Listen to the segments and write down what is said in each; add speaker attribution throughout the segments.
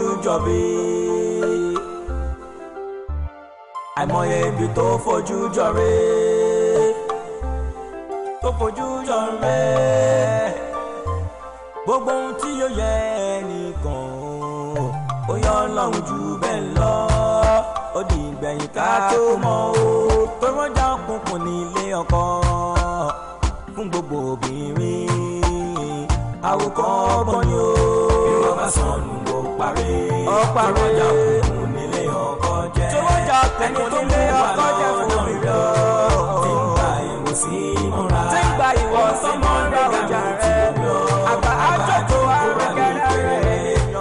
Speaker 1: fojú jọ bí. àìmọye ibi tó fojú jọ rè tó fojú jọ rè gbogbo ohun tí yóò yẹ nìkan ó yọ ọlọ́run jù bẹ́ẹ̀ lọ ó di ìgbẹ̀yìn ká tó mọ̀ ó tó rọ́jà òkùnkùn nílé ọkọ fún gbogbo obìnrin àwòkọ́ ọgbọ́n ni ó. bí bá sọnù parí ọparí ọjà kù nílé ọkọ jẹ ẹni tó lé ọkọ jẹ fún mi rẹ tí ń gba ìwò sí múra tí ń gba ìwò sí múra ọjà rẹ àgbà àjọjọ arẹgẹrẹ rẹ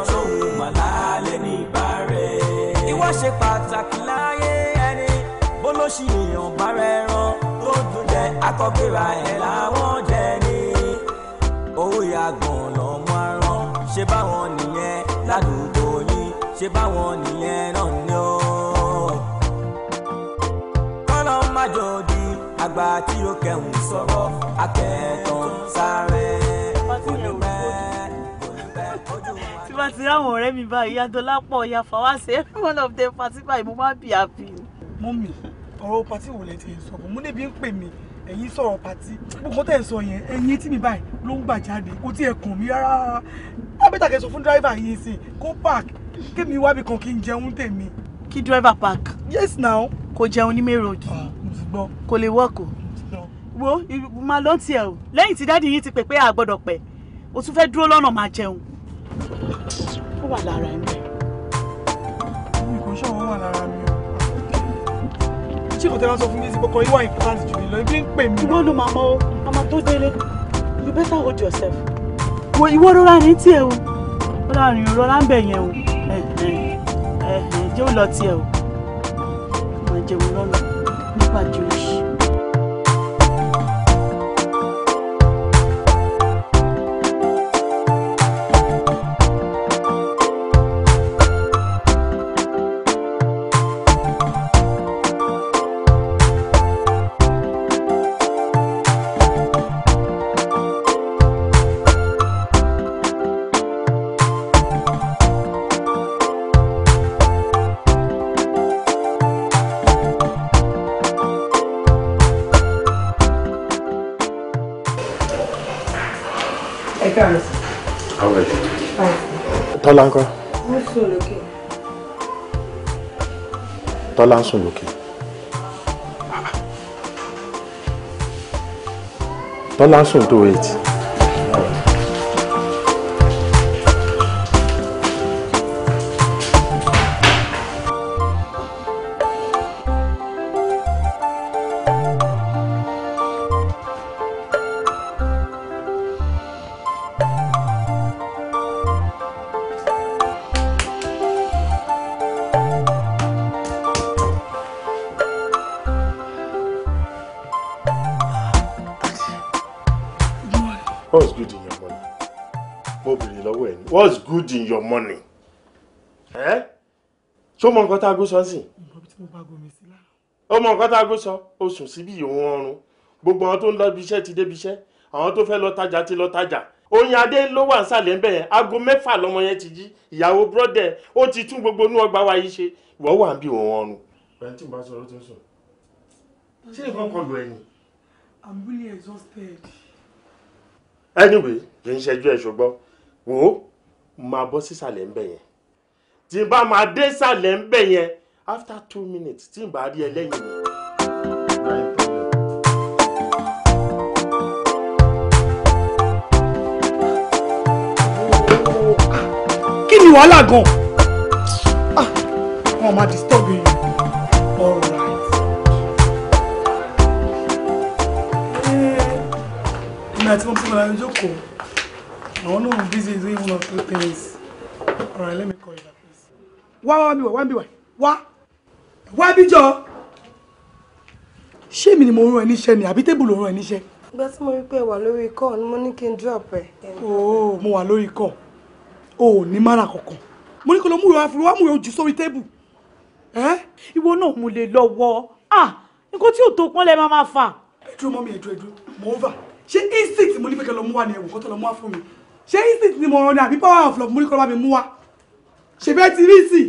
Speaker 1: sóhun màlálẹ ní ìbárẹ. ìwọ ṣe pàtàkì láyé ẹni bó ló ṣì yàn bá rẹ rán tó dùn jẹ akọkẹra ẹ làwọn jẹ ní owó ìyá gbọ̀n lọ́mọ aràn ṣe báwọn nìyẹn ládùúgbò yín ṣe báwọn nìyẹn náà ni ó. kọ́lọ́ májò àgbà tí ó kẹ̀hún sọ̀rọ̀ akẹ́tàn sáré kò ní ojú wa. tí wọ́n ti ráwọn ọ̀rẹ́ mi báyìí adọ́lápọ̀ ìyá fàwáṣe
Speaker 2: one of the party báyìí mo máa ń bì happy. mọ́mì ọ̀rọ̀ pàtí wo lẹ ti sọ̀rọ̀ mo níbi ń pè mí ẹ̀yin sọ̀rọ̀ pàtí gbogbo tẹ̀ ń sọ yẹn ẹ̀yin tí mi báyìí ló ń gbà jáde kò tí ẹ kàn mí rárá ábẹ́tà kẹsàn fún dírẹ́fà yìí sí kó park kémi wábi kan kí n jẹun tèmi. kí dírẹ́fà park. yes now. kò jẹun ní main road. Ah, kò lè wọ́ọ̀kù. wo máa lọ tiẹ̀ o lẹ́yìn tí dáàdi yìí ti pè pé a gbọ́dọ̀ pẹ́ o tún fẹ́ dúró lọ́nà máa jẹun. ó wà lára ẹ̀ ìkọ́ṣọ́ wọn wà lára mi o ṣé kò tẹ́lá sọ fún mi sí kọ́kọ́ ìwà important jù mí lọ ibi ń pè mí. ìwọ ló máa o àmọ́ tó délé you better hold yourself. wo ìwọ ló ní tiẹ̀ o ó rìn òró láǹbẹ̀ yẹn o jẹ́ ò lọ tiẹ̀ o máa jẹun lọ́nà nípa jù lọ.
Speaker 3: Tọ́lá ńkọ́.
Speaker 4: Ó sùn lókè.
Speaker 3: Tọ́lá ń sùn lókè. Tọ́lá ń sùn tó eight. what's good in your money mo bèrè lọ́wọ́ ẹ̀ ní what's good in your money ẹ́ ṣó mọ nǹkan tá a gbó sọ sí. ó mọ nǹkan tá a gbó sọ ó sùn síbi ìwọ̀n ọrùn gbogbo àwọn tó ń lọ ibi iṣẹ́ ti débi iṣẹ́ àwọn tó fẹ́ lọ tajà ti lọ tajà oyin adé ló wà nsàlẹ̀ ń bẹ̀ yẹn aago mẹ́fà lọ́mọ yẹn ti jí ìyàwó brọ́dẹ̀ ó ti tún gbogbo inú ọgbà wa yìí ṣe ìwọ wà ń bí òun ọrùn. bẹ́ẹ̀ tí mo bá sọ ló ti ń sùn
Speaker 2: ṣé nǹkan kan lọ ẹ̀yìn. I'm really exhausted
Speaker 3: anyway kì í ṣẹjú ẹ ṣùgbọ́n wò ó máa bọ́ sísàlẹ̀ ń bẹ̀ yẹn tí n bá máa dé sàlẹ̀ ń bẹ̀ yẹn after two minutes tí n bá rí ẹ lẹ́yìn mi.
Speaker 2: kí ni wàhálà gan-an? Ah, wọ́n máa disturb yìí ọ̀rọ̀. èmi àti mọ́tò mọ́tò jókòó àwọn náà busy doing one or two things all right let me call you back please. wá wá bí wá wá bí wá wá wá bí jọ ṣé èmi ni mo rán ẹ níṣẹ́ ni àbí tébùlù rán ẹ níṣẹ́.
Speaker 4: ìgbà tí mo rí pé ẹ wà lórí ikọ̀ ni mo ní kí n drop ẹ.
Speaker 2: ooo oh, mo wà lórí ikọ̀ o ò ní mara kankan mo ní kó lọ múre wá fi wá múre ojú sórí tébù. ìwọ náà mo lè lọ wọ ah nǹkan tí ò tó pọ́n lẹ́ máa máa fà. ẹ dúró mọ́ mi ẹ dúró ẹ dúró mo ń fà ṣé instinct mo ní pé kẹ́ lọ mú wa ní ẹ̀wọ̀n kọ́ tó lọ mú wa fún mi ṣé instinct ni mo rán ni àbí power of love mo ní kọ́ lọ́ bá mi mú wa ṣe bẹ́ẹ̀ ti rí sí.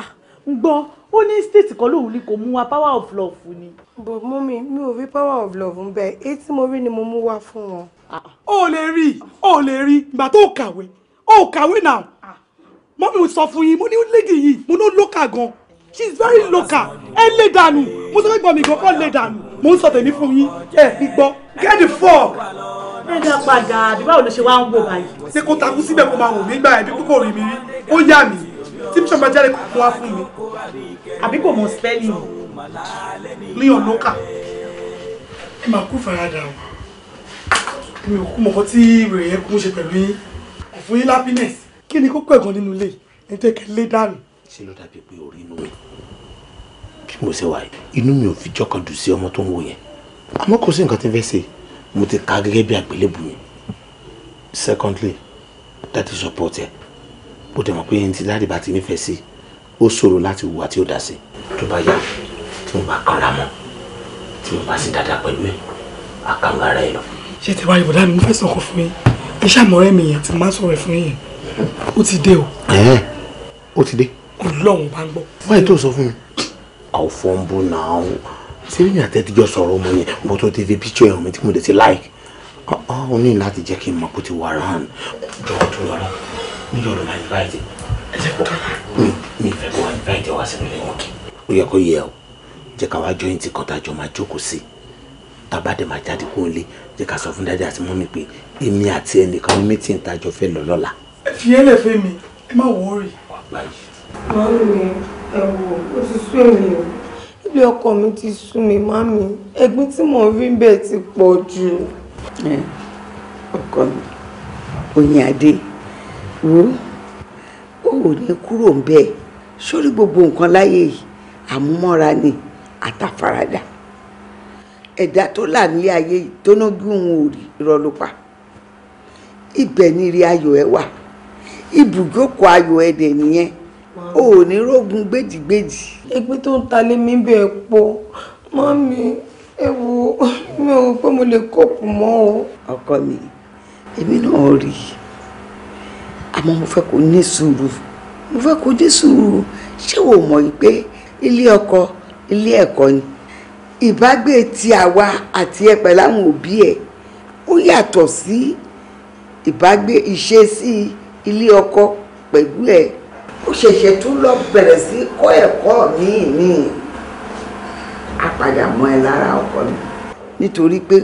Speaker 2: Ah, gbọ́ ó ní state kan lòun ni kò mú wa power of love ni. bò
Speaker 4: mú mi mi ò rí power of love ń bẹ èyí tí mo rí ni mo mú wá fún wọn. Ah.
Speaker 2: o lè rí o lè rí ìgbà tó kàwé o kàwé náà ah. mọ́mí mo sọ fún yín mo ní lady yìí mo ní local gan she is very local ẹ lè dànù mo sọ pé gbọ́ mi gan kọ́ lè dànù mo ń sọ tèmi fún yín ẹ fi gbọ́ get the fuck. ẹ dá padà àbí báwo ló ṣe wá ń wò báyìí. ṣé kó takú síbẹ̀ kó máa wò mí gbà ẹbí kókó rí mi rí ó yà mí tí bíṣọ̀ máa jáde kó wá fún mi. àbí kò mọ spelling. leon ló kà. ẹ máa kú faradà o mi ò kú mọ̀kọ́ tí ìròyìn yẹn kún ṣe pẹ̀lú yín kò fún yín happiness kí ni kókó ẹ̀gàn nínú ilé ẹni tó kẹ́ lé dànù. ṣé ló dàbí pé orí inú mi bí mo ṣe wà inú mi ò fi jọ́kan dùn sí ọmọ tó ń wò yẹn àmọ́ kò sí nǹkan tí n fẹ́ ṣe mo ti ka gẹ́gẹ́ bí àgbélébù mi secondly dáàdi support ẹ bó dẹ̀ mọ̀ pé ẹni tí dáàdi bá ti nífẹ̀ẹ́ sí ó ṣòro láti wùwà tí ó dá sí tó bá yá tí mo bá kanra mọ́ tí mo bá sì dáadáa pẹ̀lú ẹ àkàǹgà ara ẹ lọ. ṣé ti wá ìbọ̀dá mi mo fẹ́ sọ̀kọ̀ fún yín iṣẹ́ àmọ́rẹ́ mi yẹn ti máa sọ̀rọ̀ fún yín ó ti dé o. ẹ̀ẹ́n ó ti dé. ọlọ́run bá ń gbọ́. wáyé tó sọ fún mi. àwọn fọ́nbù náà sẹ́yìn àtẹ́tíjọ́ sọ̀rọ̀ ọmọ yẹn mo tó ti fi picture ẹ̀ hàn mí tí mo dẹ̀ ti like ọ ní láti jẹ́ kí n mọ̀ kó ti wà rán jọ̀wọ́ tó lọ́rọ́ mi yọ̀ lọ́la invite ẹ jẹ́ pọ̀ hmm, mi mi fẹ́ kó invite wá sínú ilé wọn kí. ó yẹ kó yẹ ọ jẹ́ ká wá join ti kan tájọ máa jókòó sí tàbá dẹ̀ máa jáde kó lé jẹ́ ká sọ fún dáadáa àti mọ́mí pé èmi àti ẹnìkan ní meeting tájọ fẹ́ lọ lọ́la. ẹ fi ẹ lẹ fẹ́ mi ẹ má wọrí.
Speaker 4: wàá gbà ilé ọkọ mi ti sú mi mami ẹ̀gbin tí mò ń rí bẹ́ẹ̀ ti pọ̀ jù.
Speaker 5: ọkọ mi oyin adé wo o ò ní kúrò ń bẹ́ẹ̀ sórí gbogbo nǹkan láyé yìí àmúmọ́ra ni àtàfaradà ẹ̀dá tó là nílé ayé yìí tó ná gún òun ò rí rọlùpà ibẹ̀ ni ire ayọ̀ ẹ wà ibùjókòó ayọ̀ ẹ dẹ̀ nìyẹn o ò ní rógun gbèjìgbèjì. ègbé tó ń ta lé mi bẹ́ẹ̀ pọ̀ mọ́mí
Speaker 4: ẹ wo mi ò pé mo lè kọ́pù mọ́ o.
Speaker 5: ọkọ mi èmi náà rí i àmọ́ mo fẹ́ kó ní sùúrù mo fẹ́ kó ní sùúrù ṣé o mọ̀ pé ilé ọkọ ilé ẹ̀kọ́ ni ìbágbé ti àwa àti ẹ pẹ̀lú àwọn òbí ẹ̀ ó yàtọ̀ sí ìbágbé ìṣesí ilé ọkọ pẹ̀lú ẹ̀ ó ṣẹ̀ṣẹ̀ tún lọ bẹ̀rẹ̀ sí kọ́ ẹ̀kọ́ míì míì á padà mọ́ ẹ lára ọkọ mi nítorí pé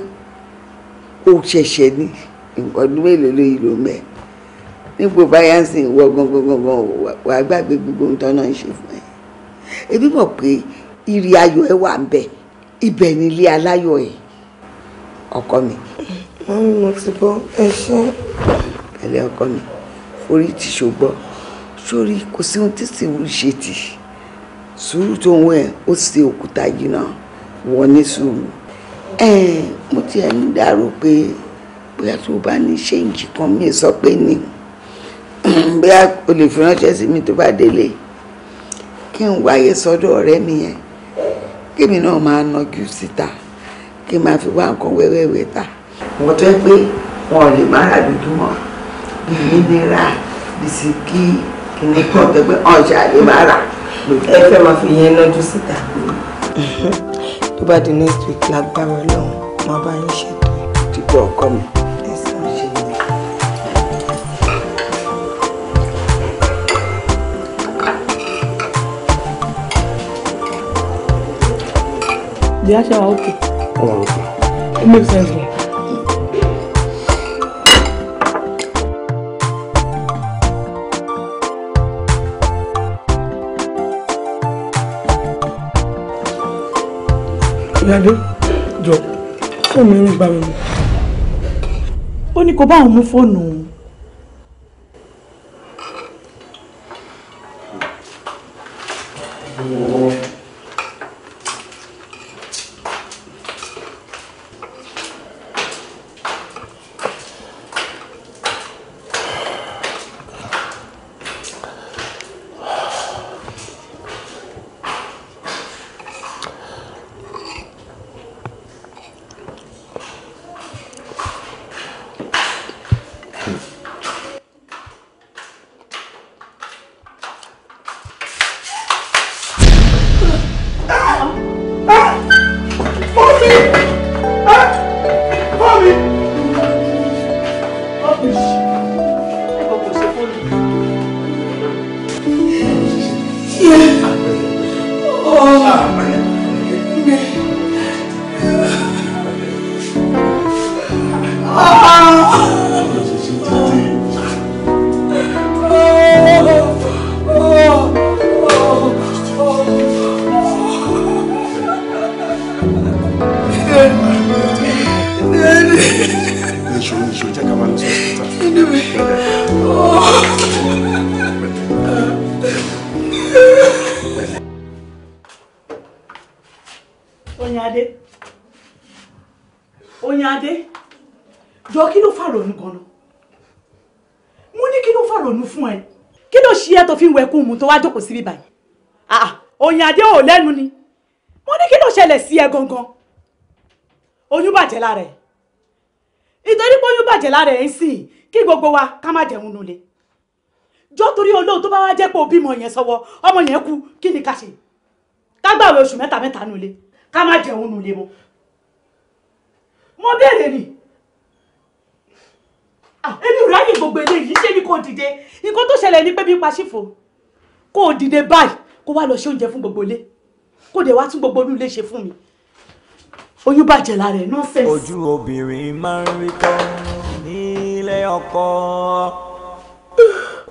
Speaker 5: ó ṣẹ̀ṣẹ̀ ní nǹkan ọdún mélòó lóyún ló mẹ́ nípò báyà ń sìn wọ gangan wà á gbàgbé gbogbo ohun tó náà ń ṣe fún ẹ ebi mọ̀ pé ìrì ayọ̀ ẹ wà ń bẹ ibẹ̀ nílé aláyọ̀ ẹ ọkọ mi. mo ti bọ́ ẹ ṣe. pẹ̀lẹ́ ọkọ mi orí ti ṣògbọ́n sórí kò sí ohun tí sùúrù ṣe tì sùúrù tó ń wẹ̀ ó ṣe òkúta yìí náà wọ ní sùúrù mo ti ẹ̀ ń dárò pé bóyá tó bá ní ṣéǹjì kan mi sọ pé ní bóyá o lè fi ránṣẹ́ sí mi tó bá délé kí n wáyé sọ́dọ̀ ọ̀rẹ́ mi yẹn kémi náà máa nájú síta kí n máa fi wá nǹkan wẹ́wẹ́wẹ́ ta wọ́n tó ẹ pé wọn ò lè má rà dúdú mọ́ bíi mineral bisikíì ní kàn tẹ́gbẹ́ ọjà lè má rà ẹ fẹ́ máa fi yẹn nájú síta.
Speaker 4: tó bá di next week lágbára ọlọ́run máa bá yín ṣètò
Speaker 2: ẹ̀. dípò ọkọ mi. Did I show okay?
Speaker 4: Oh, okay.
Speaker 2: It makes sense. Ọ̀làdé jọ fóònù mi ń gbà mí. ó ní kó bá òun mú fóònù òun tó wá jókòó síbí báyìí ah, ah, oyin adé ò lẹ́nu ni mo ní kí ló ṣẹlẹ̀ sí ẹ gangan oyún bàjẹ́ lára ẹ̀ nítorí pé oyún bàjẹ́ lára ẹ̀ ń sìn kí gbogbo wa ká má jẹun nulẹ̀ jọ torí olóhùn tó bá wá jẹ́ pé òbí mọ̀ yẹn sọ́wọ́ ọmọ yẹn kú kí ni ká ṣe ká gbàwé oṣù mẹ́ta mẹ́ta nulẹ̀ ká má jẹun nulẹ̀ mọ́ mo béèrè ni ah, èmi ò ráyè gbogbo eléyìí ṣé ni kò dìde nǹkan tó ṣẹlẹ̀ ni pé mi pa ṣífò kó o dìde báyìí kó wá lọ ṣe oúnjẹ fún gbogbo ilé kó dẹ̀ wá tún gbogbo olú ilé ṣe fún mi oyún bàjẹ́ lára ẹ̀ nọ́ọ̀sẹ̀. ojú obìnrin máa ń rí kọ́ nílé
Speaker 1: ọkọ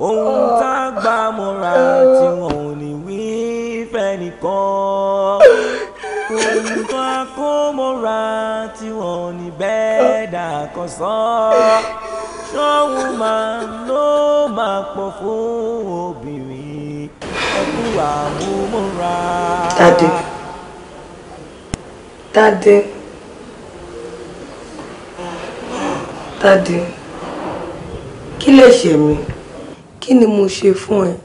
Speaker 1: ohun tá a gbà mọ́ra tí wọn ò ní wí fẹ́nìkan ohun tó a kó mọ́ra tí wọn ò ní bẹ́ẹ̀ dà kọ́ sọ́ ṣọ́hun máa ló máa pọ̀ fún obìnrin.
Speaker 4: Tade. Tade. Tade. Kí lè ṣe mí? Kí ni mo ṣe fún ẹ?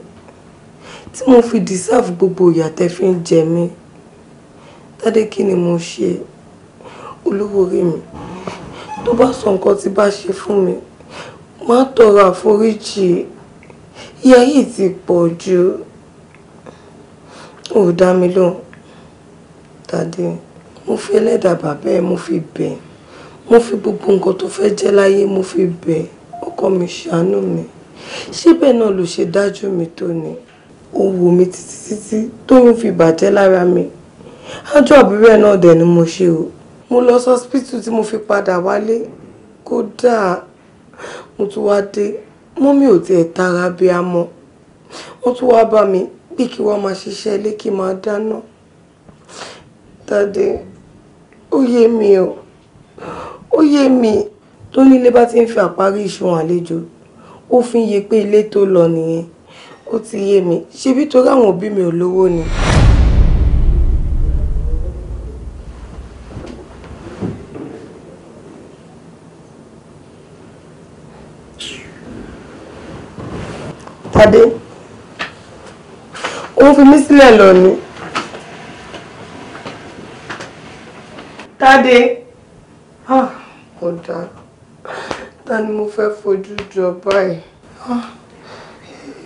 Speaker 4: Tí mo fi deserve gbogbo ìyà fi ń jẹ mí. Tade kí ni mo ṣe? Olówó orí mi. Tó bá sọ nǹkan tí bá ṣe fún mi, má tọrọ àforíjì. Ìyà yìí ti pọ̀ jù ò dá mi lóhùn tàdé mo fi ẹlẹ́dàá bàbá ẹ mo fi bẹ̀ mo fi gbogbo nǹkan tó fẹ́ jẹ́ láyé mo fi bẹ̀ ọkọ mi ṣàánú mi síbẹ̀ náà ló ṣe dájú mi tó ni ó wò mí títí títí tóyún fi bàjẹ́ lára mi ájọ àbúrẹ́ náà dẹ̀ ni mo ṣe o mo lọ sọ́spítù tí mo fi padà wálé kódà mo tún wá dé mọ́mí ò tiẹ̀ tara bí a mọ́ wọ́n tún wá mi pé kí wọ́n máa ṣiṣẹ́ ilé kí máa dáná dáadé ó yé mi o ó yé mi tó nílé bá ti ń fi àparí ìṣun àlejò ó fi ń yé pé ilé tó lọ nìyẹn ó ti yé mi ṣebí torí àwọn òbí mi ò lówó ni. Tade ó fi mí sílẹ̀ lọ ni. Tádé mo ah, dá ta ni mo fẹ́ fojú jọ báyìí. Ah,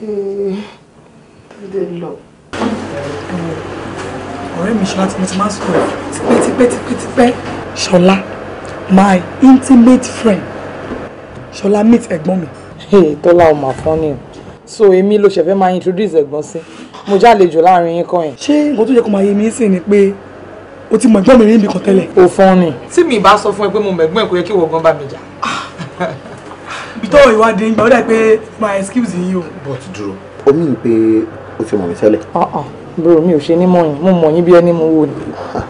Speaker 4: eh, Tádé lọ.
Speaker 2: Ọ̀rẹ́ mi Ṣọlá tí mo ti máa ń sọ̀rọ̀ tipẹ́ tipẹ́ tipẹ́.
Speaker 4: Ṣọlá my intimate friend Ṣọlá meet ẹ̀gbọ́n mi. Tọ́lá ọmọ àfọ́nì so èmi ló ṣẹ̀fẹ́ máa introduce ẹ̀gbọ́n sí mo
Speaker 2: jálejò láàrin yín kan yẹn. ṣé nǹkan tó yẹ kó máa yé mi sìn ni pé o ti mọ ẹ̀gbọ́n mi rí ibi kan tẹ́lẹ̀. o fọ́n ni. tí mi bá sọ fún ẹ pé mo mẹ̀gbọ́n ẹ kò yẹ kí ìwọ gan bá mi jà. bitọ́ ìwádìí ń gbà ó dà pé my excuse yìí o. but dúró omi ń pe o ti mọ̀ mi tẹ́lẹ̀. bro mi ò ṣe ní mọ̀ yín mo mọ̀ yín bí ẹni mo wò ni.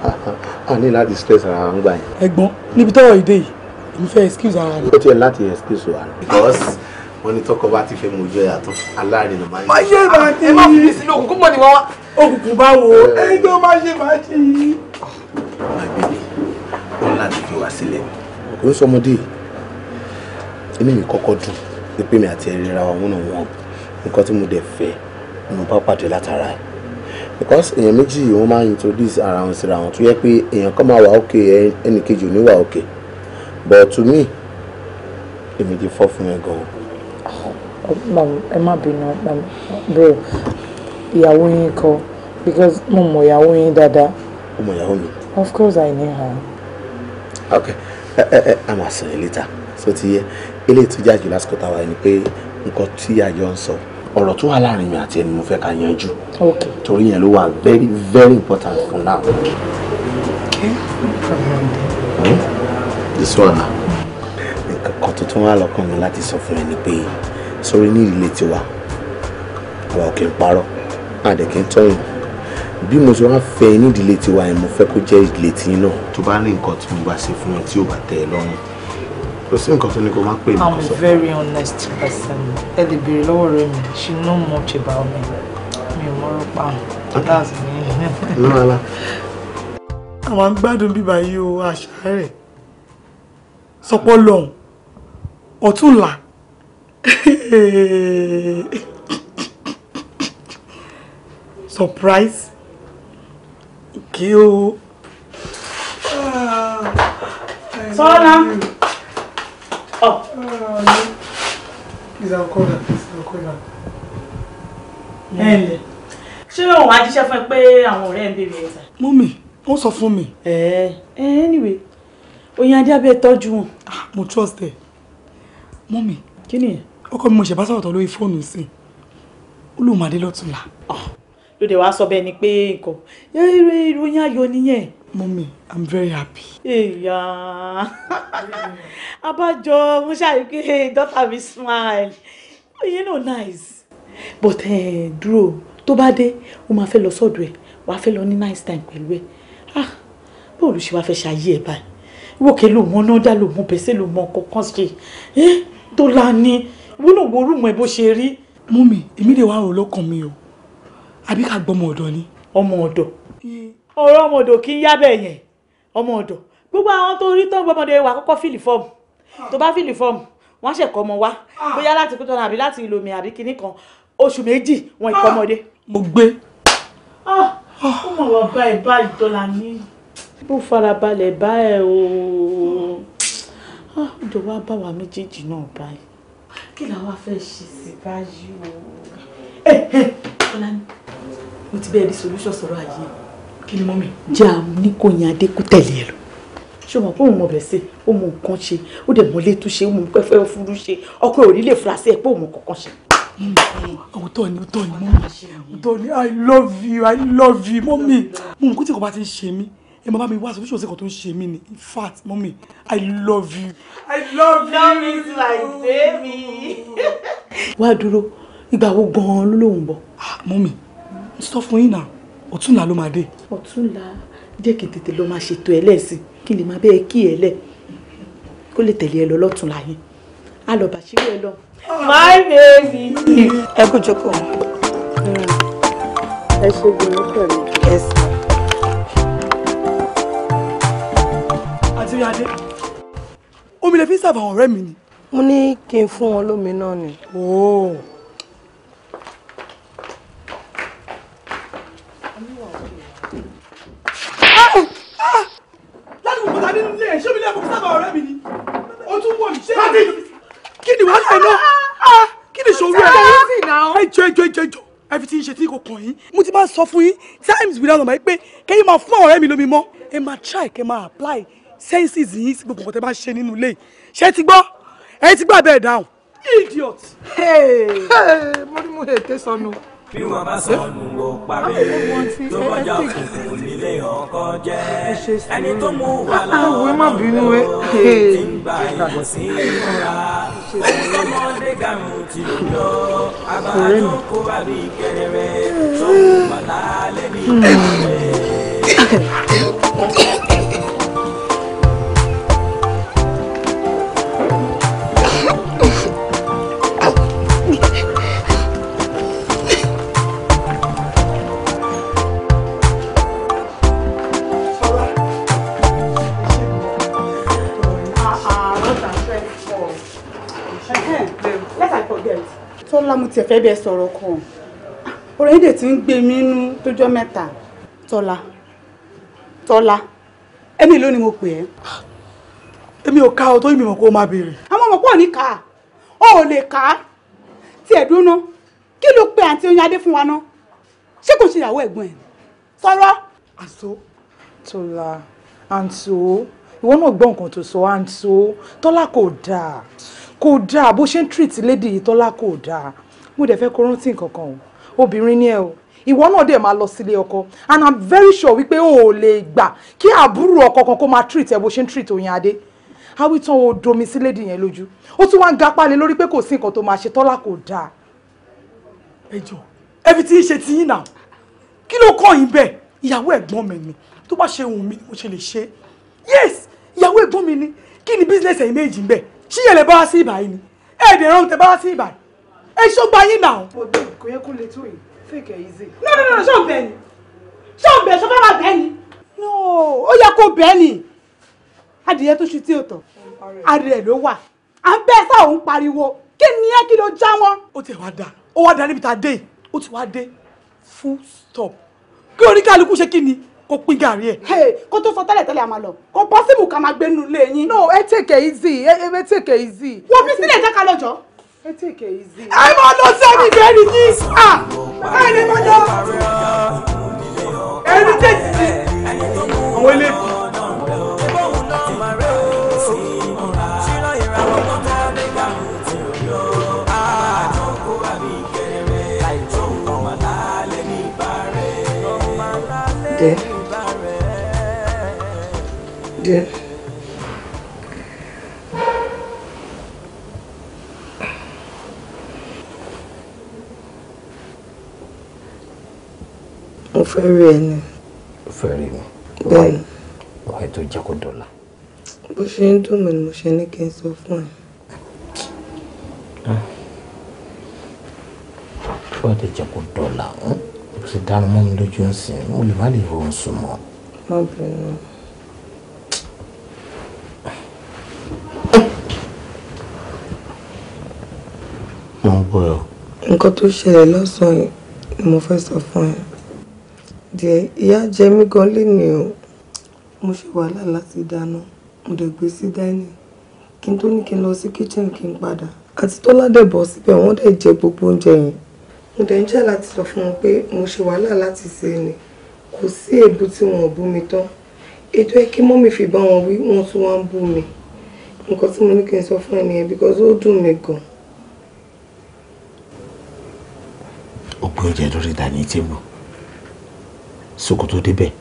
Speaker 2: a ní láti stress ara ń gbà yín. ẹ̀gbọ́n níbi tọ́wọ́ ìdè yìí èmi fẹ́ excuse ara mi. ó tiẹ̀ láti excuse wọ́n ní tọ́kọ bá ti fẹ́ mọ ojú ẹ̀yà tán alárinà máa ń yẹ. máa yẹ ah, ìbàdí ẹ má fi mí sílẹ̀ òkùnkùn mọ̀ ní wọn wá. òkùnkùn bá wo eh. ẹni máa ṣe máa ṣe yìí. àgbègbè wọn láti fi wá sílẹ̀. kò sọmọdé inú mi kọ́kọ́ dùn pé mi àti ẹ̀rí ra wa wọ́n náà wọ́n nǹkan tí mo dẹ̀ fẹ́ ni mo bá pàdé látara ẹ̀ because èèyàn méjì wọ́n máa introduce ara wọn síra wọn tó yẹ pé èèyàn kan máa wà òkè ẹnì kejì ò ní wà òkè but to me èmi ti fọ́ fún ẹ gan-an mom bínú bro ìyàwó
Speaker 4: yín kọ́ because mo mọ ìyàwó yín dáadáa. o mọ ìyàwó mi. of course i know her.
Speaker 2: okay ẹ ẹ ẹ a máa sọ̀rọ̀ later so ti yẹ eléyìí tó jáde lásìkò táwa ẹni pé nǹkan tí àjọ ń sọ ọ̀rọ̀ tó wà láàrin mi àti ẹni mo fẹ́ ká yanjú torí yẹn ló wà very very important for now. okay no hmm? this one nǹkan kan tuntun wà lọ́kàn mi láti sọ fún ẹ ni pé sórí ní ìdílé tiwa àwa ò kì í parọ́ àdè kì í tọ̀yìn bí mo ṣe wá fẹ́ ní ìdílé tiwa yẹn mo fẹ́ kó jẹ́ ìdílé tí náà. tó bá ní nǹkan tí mo bá ṣe fún ẹ tí ò bá tẹ ẹ lọ́rùn kò sí nǹkan tó ní kó má pè mí I'm a very honest person ẹ lè béèrè lọ́wọ́ rẹ mi she know much about me mi ò mọ̀rọ̀ pa that's me. lọ́la. àwọn agbádùn bíbá yìí o àṣà rẹ̀ sọpọ́ lọ́hùn ọ̀túnla. surprise kí o.
Speaker 1: Sọ́lá. Ọ̀.
Speaker 2: Ìzàkọ́lá Ìzàkọ́lá. Ẹ̀ẹ́lẹ̀. Ṣé òun ajíṣẹ́ fún ẹ pé àwọn ọ̀rẹ́ ń bèrè ẹ̀ta? Mọ́mì, wọ́n sọ fún mi. Ẹ̀ẹ́ ẹ̀ẹ́ anyway, Oyin Adé abẹ́ tọ́jú wọn. Ah, mo trust ẹ. Mummy, can you? ọkọ mi mo ṣẹ̀bá sọ̀rọ̀ tán lórí fóònù sí ó lóun máa dé lọ́túnla. ló wàá sọ bẹ́ẹ̀ ni pé nǹkan eré ìròyìn ayọ̀ nìyẹn. mọ́mí i'm very happy. èèyà abájọ mo ṣàrí pé dọ́tà mi smile oh, You know, nice but eh, dúró tó bá dé o máa fẹ́ lọ sọ́dọ̀ ẹ̀ wàá fẹ́ lọ ní nice time pẹ̀lú ẹ̀ ah báwo ló ṣe wàá fẹ́ ṣàyé ẹ̀ báyìí wòkè ló mọ náà dá ló mọ bẹ́sẹ̀ ló mọ kọ̀ọ̀kan ṣe eh, tó la ní wọ́n náà wo rúùmù ẹ̀ bó ṣe rí. mú mi èmi lè wá rò lọ́kàn mi o àbí ká gbọ́ ọmọ ọ̀dọ̀ ni. ọmọ ọ̀dọ̀ ọ̀rọ̀ ọmọ ọ̀dọ̀ kì í yá bẹ́ẹ̀ yẹn ọmọ ọ̀dọ̀ gbogbo àwọn tó rí tán gbọmọdé wà kọ́kọ́ fìlì fọ́ọ̀mù tó bá fìlì fọ́ọ̀mù wọ́n ṣẹ̀kọ́ ọmọ wa ah. bóyá láti kú tọ́nà àbí láti ìlòmí àbí kinní kan oṣù méjì wọn ah. ìkọ́mọdé. mo gbé. Ah. ó mọ̀ wá bá ẹ bá ìtọ́lá ní. bó farabalẹ̀ bá ẹ o jọ̀wọ́ bá wa méjèèjì náà báyìí kí la wá fẹ́ ṣe sí báyìí o eh, eh. ọlani mo ti bẹ́ẹ̀ di solution sọ̀rọ̀ ayé kí ni mọ́mì. jẹ́ àwọn oníkòyìn adé kú tẹ̀lé ẹ lọ ṣùgbọ́n pé òun mọ̀ bẹ́ẹ̀ ṣe ó mọ nǹkan ṣe ó dẹ̀ mọ létú ṣe ó mọ pẹ́fẹ́ fúru ṣe ọkọ ò ní lè fura sí ẹ pé òun kankan ṣe. òótọ́ ni òótọ́ ni mọ́mì òótọ́ ni i love you i love you mọ́mì mo mọ̀ kó tí kò bá ti ń ṣe mí ẹ máa bá mi wá sọ fún ṣòṣe kan tó ń ṣe mí ni in fact mọ́mí i love you. i love you.
Speaker 4: love is like baby.
Speaker 1: dey
Speaker 2: me. wá dúró ìgbà wo gan-an ló lóun bọ̀. Ah, mọ́mí sọ fún yín náà ọ̀túnla ló máa dé. ọ̀túnla jẹ́ kí n tètè lọ máa ṣètò ẹ̀ lẹ́sìn kí n lè máa bẹ́ẹ̀ kí ẹ lẹ̀ kó lè tẹ̀lé ẹ lọ lọ́tún láyé á lọ bàṣírí ẹ lọ. my baby.
Speaker 4: ẹ kú jókòó. Mm. ẹ ṣe gbìyànjú pẹ̀lú. omi adé
Speaker 2: omi lè fi ń sàbà ọ̀rẹ́ mi ni. mo ní kí n fún wọn
Speaker 4: lómi náà ni.
Speaker 2: láti mú bàtà nínú ilé ṣé omi lè fi sàbà ọ̀rẹ́ mi ni. o tún wọ̀ mí ṣé. kí ni wàá kàn náà ah, ah, ah. kí ni ìṣòro ẹ̀. ẹ jọ ẹ jọ ẹ jọ ẹ jọ ẹfi tí ń ṣe tí kò kàn yín. mo ti bá sọ fún yín times without ọmọ yìí pé kẹ́yìn máa fún àwọn ọ̀rẹ́ mi lómi mọ́ ẹ máa try kẹ́ máa apply senses yìí sí gbogbo nǹkan tẹ́ bá ṣe nínú ilé ṣé ti gbọ́ ẹ ti gbà bẹ́ẹ̀ dáhùn. idiot. mo ní mo ètè sọnù. bí wọn bá
Speaker 1: sọnù ó parí tó bọjá òkùnkùn nílé ọkọ jẹ ẹni tó mú wà láwọn ọmọ rẹ
Speaker 2: ti
Speaker 4: ń
Speaker 1: gba ìwọ sí ìmúra ọmọdé garun ti lò lọ agbára tó kó bá rí
Speaker 2: kẹrẹrẹ tó wà lálẹ́ ní ìwé.
Speaker 4: let I forget. tọ́lá mo tiẹ̀ fẹ́ bẹ́ẹ̀ sọ̀rọ̀ kan ọ̀rọ̀ yìí dè ti ń gbé mi nú
Speaker 2: tójọ́ mẹ́ta tọ́lá tọ́lá ẹni ló ni mo pè ẹ́. èmi ò ka ọ tó yìí mi mọ̀ kó o máa béèrè. àwọn ọmọ pọ̀ ní ká ọ ò lè ká tiẹ̀ dúró kí ló pe àǹtí oyin adé fún wa náà ṣé kò ṣe ìyàwó ẹ̀gbọ́n ẹ̀ sọ̀rọ̀. àṣọ tọ́lá àǹtí o ìwọ náà gbọ́ nǹkan tó sọ àǹtí o tọ́lá kò dáa bó ṣe ń treat lady yìí tọ́lá kò dáa mo dẹ̀ fẹ́ kó rántí nǹkan o obìnrin ni ẹ o ìwọ náà dẹ̀ máa lọ sílé ọkọ and i'm very sure wípé o ò lè gbà kí àbúrò ọkọ kan kó máa treat ẹ bó ṣe ń treat Oyin Adé awitan o domi sí lady yẹn lójú ó tún wá ń gapá lé lórí pé kò sí nǹkan tó máa ṣe tọ́lá kò dáa. ẹ jọ ẹbí tí ń ṣe ti yín náà kí ló kọ́ yín bẹ́ẹ̀ ìyàwó ẹ̀gbọ́n mi ni tó bá ṣe wù mí mo ṣe lè ṣe yes ìyàwó ẹ̀gbọ́n mi ni kí ni bísíǹsì ẹ̀yìn méjì ń bẹ́ẹ̀ ṣíyẹ lè bá wá sí ìbàyí ni èdè ìran tẹ bá wá sí ìbàyí èso gba yín nà. òde kò yẹ kó lè tó yìí fèkè yìí zè. no no no ṣọ́ọ̀bẹ ni ṣọ́ọ̀bẹ ṣọ́ fẹ́ wá bẹ́ẹ̀ ni. no ó yẹ kó bẹ́ẹ̀ ni adìyẹ tó ṣu tí o tọ̀ adìyẹ ló wà à ń bẹ́ẹ̀ sáà òun pariwo kí ni ẹ kí ló já wọn. ó ti wá da ó wá da níbi tá a dé ó ti wá dé full stop kí oníkálukú ṣe kí ni kó pín gàrí ẹ̀. kó tó sọ tẹ́lẹ̀ tẹ́lẹ̀ àmà lọ kó pọ́sibù ká máa gbé nu yín. no ẹ take it easy ẹ ẹ take it easy. wọ́n fi sílẹ̀ jẹ́ ká lọ jọ. ẹ take it easy. ẹ máa lọ sẹ́ni bẹ́ẹ̀ni ní ìsà ẹ ní mọ́jọ́
Speaker 1: ẹni tẹ́tí àwọn ilé. Yeah
Speaker 4: jẹ́. mo fẹ́ rí ẹ ni. mo fẹ́ rí mi. bẹ́ẹ̀ ni. ọ̀hẹ́ tó jẹ́ kó dọ̀la. bó ṣe ń dùn mí ni mo ṣe ní kí n sọ fún ẹ.
Speaker 2: Ah. tó bá dẹ̀ jẹ́ kó dọ̀la hm? ó sì dáná mọ́ mi lójú ń sìn mo lè má lè rọrùn sùn mọ́.
Speaker 4: má bẹ̀rẹ̀ náà. bọ̀rọ̀. nǹkan tó ṣẹlẹ̀ lọ́sàn-án yìí ni mo fẹ́ sọ fún ẹ. díẹ̀ ìyà jẹ mí gan lénìí o mo ṣe wàhálà láti dáná mo dẹ̀ gbé sí dání kí n tó ní kí n lọ sí kitchen kí n padà àti tọ́lá dẹ̀ bọ̀ síbẹ̀ wọ́n dẹ̀ jẹ gbogbo oúnjẹ yẹn mo dẹ̀ ń jà láti sọ fún wọn pé mo ṣe wàhálà láti ṣe ni kò sí èébú tí wọn ò bú mi tán ètò ẹ kí mọ́mì fi bá wọn wí wọ́n tún wá ń bú mi nǹkan tí mo ní kí n sọ fún ẹ nìyẹn because ó dùn mí gan
Speaker 2: ó gbé oúnjẹ lórí dání tébù sokoto débẹ̀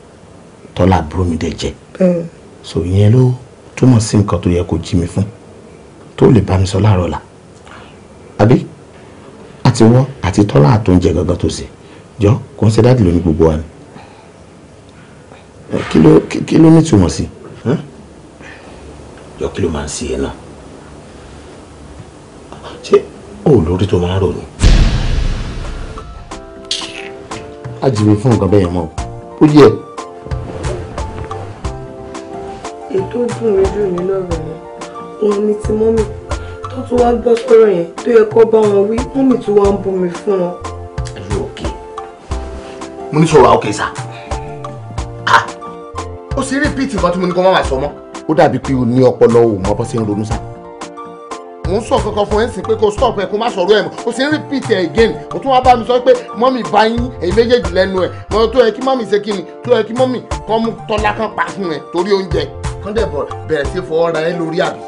Speaker 2: tọ́lá àbúrò mi dẹ̀ mm. so ìyẹn ló túmọ̀ sí nǹkan tó yẹ kó jí mi fún tó lè bá mi sọ láàárọ̀ la àbí àti wọ́ àti tọ́lá àtúnjẹ gangan tó ṣe jọ kò ń ṣe dáàdì lóní gbogbo wa ni kí ló kí ló ní túmọ̀ sí jọ kí ló máa ń ṣe é náà ṣé òòlórí tó máa ń rò ni. ajíwèé fún nǹkan bẹ́ẹ̀ mọ́ ó yẹ.
Speaker 4: ètò dùn mí dùn mí lọ́rọ̀ yẹn wọn ni ti mọ́mì tó tún wá gbọ́ sọ̀rọ̀ yẹn tó yẹ kó bá wọn wí mọ́mì tún wá ń bú mi fún wọn. ẹ̀rù òkè
Speaker 2: mo ní sọ̀rọ̀ àókè sá ó ṣe rí pìtì kan tí mo ní kó má máa sọ mọ́. ó dàbí pé o ní ọpọlọ òun mọ́ bó ń ronú sáà mò ń sọ kankan fún ẹ̀sìn pé kò stop ẹ̀ kó má sọ̀rọ̀ ẹ̀ mọ́ o sì ń repeat ẹ̀ again o tún wá bá mi sọ pé mọ́mì bá yín èyí méjèèjì lẹ́nu ẹ̀ mọ́ tó yẹ kí mọ́mì ṣe kí ni tó yẹ kí mọ́mì kọ́ mú tọ́lá kan pa fún ẹ torí oúnjẹ kán dẹ̀ bẹ̀rẹ̀ sí fọwọ́ ra ẹ lórí àbí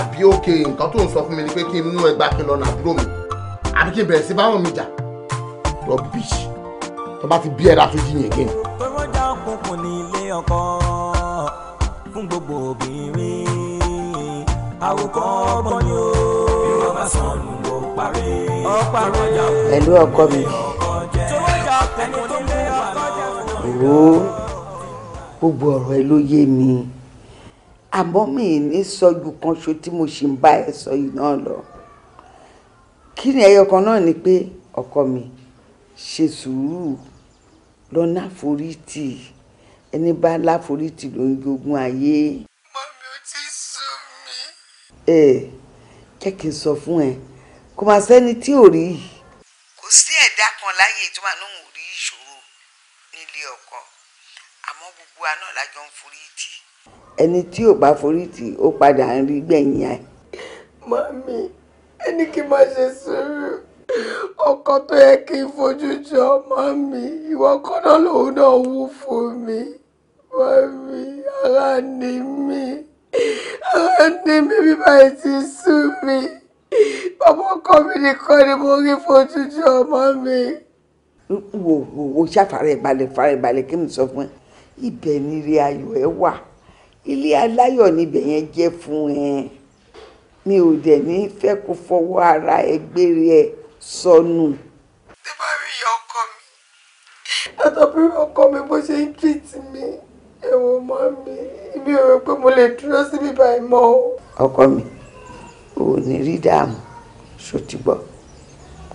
Speaker 2: àbí òkè nǹkan tó ń sọ fún mi ni pé kí n mú ẹgbàá kí n lọ nà àbúrò mi àbí kí n bẹ̀rẹ̀ sí báwọn mi jà rubbish tó bá ti bí ẹ
Speaker 5: látúnjì yẹn again. kọ́mọ́jà òkùnkùn ní ilé ọkọ pẹ̀lú ọkọ mi òwò gbogbo ọ̀rọ̀ ẹ ló yé mi àmọ́ mi ní sọ́jú kan ṣo tí mo ṣì ń bá ẹ sọ yìí náà lọ kí ni ẹyọ kan náà ni pé ọkọ mi ṣe sùúrù lọ́nà àforítì ẹni bá láforítì ló ń jogún ayé. mọ́mí ó ti sún mi jẹ́ kí n sọ fún ẹ kò máa sẹ́ni tí ò rí yìí. kò sí ẹ̀dá kan láyé tó máa lóun ò rí ìṣòro nílé ọkọ àmọ́ gbogbo àná lájọ ń forí tì. ẹni tí ò bá forí tì ó padà ń rí gbẹ̀yìn ẹ̀.
Speaker 4: mami ẹni kí n má ṣe
Speaker 2: sùúrù ọkọ tó yẹ kí n fojú jọ mami ìwọ kan náà lòun náà wú fún mi mami ara ni mí
Speaker 5: àwọn ní bíbí báyìí ti sú mi bàbá ọkọ mi nìkan ni mo rí fojújú ọmọ mi. wo wo wo ṣàfàrẹ ìbalẹ̀ fàrẹ ìbalẹ̀ kí mi sọ fún ẹ ibẹ̀ ni ilé ayọ̀ ẹ wà ilé aláyọ̀ níbẹ̀ yẹn jẹ́ fún ẹ mi ò dẹ̀ ní fẹ́ kó fọwọ́ ara ẹ gbére ẹ sọnù. tí bá rí ìyá ọkọ mi àtàbí ọkọ mi bó ṣe ń tìtì mi ẹ wò mọ́ mi ibi ò rò pé mo lè dúró síbi báyìí mọ́ o. ọkọ mi ò ní rí dààmú ṣòtìgbọ́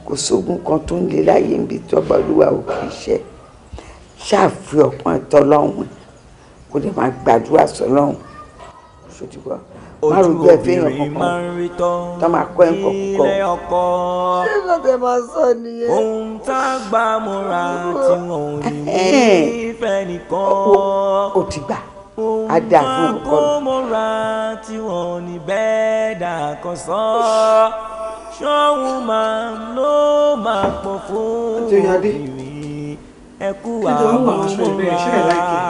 Speaker 5: kò sógun kan tó ń lé láyé níbi tọ́gbà olúwa ò kì í ṣe ṣáà fi ọpọ́n ẹ̀tọ́ lọ́hùn-ún lè máa gbàdúrà sọ́lọ́hùn-ún
Speaker 1: ṣòtìgbọ́ márùn bẹ́ẹ̀ fẹ́yàn kankan tá máa kọ́ ẹ̀ ń kọ̀kọ̀. ṣé ló dé máa sọ nìyẹn. ohun tá a gbà múra tí wọn ò ní fẹ́ nìkan. o ti gbà á dà fún ọkọ ohun tá a kó múra tí wọn ò ní bẹ́ẹ̀ dà kan sọ ṣọ́hún máa ló máa pọ̀ fún òkìrì ẹ̀kú àwọn ọmọ wa.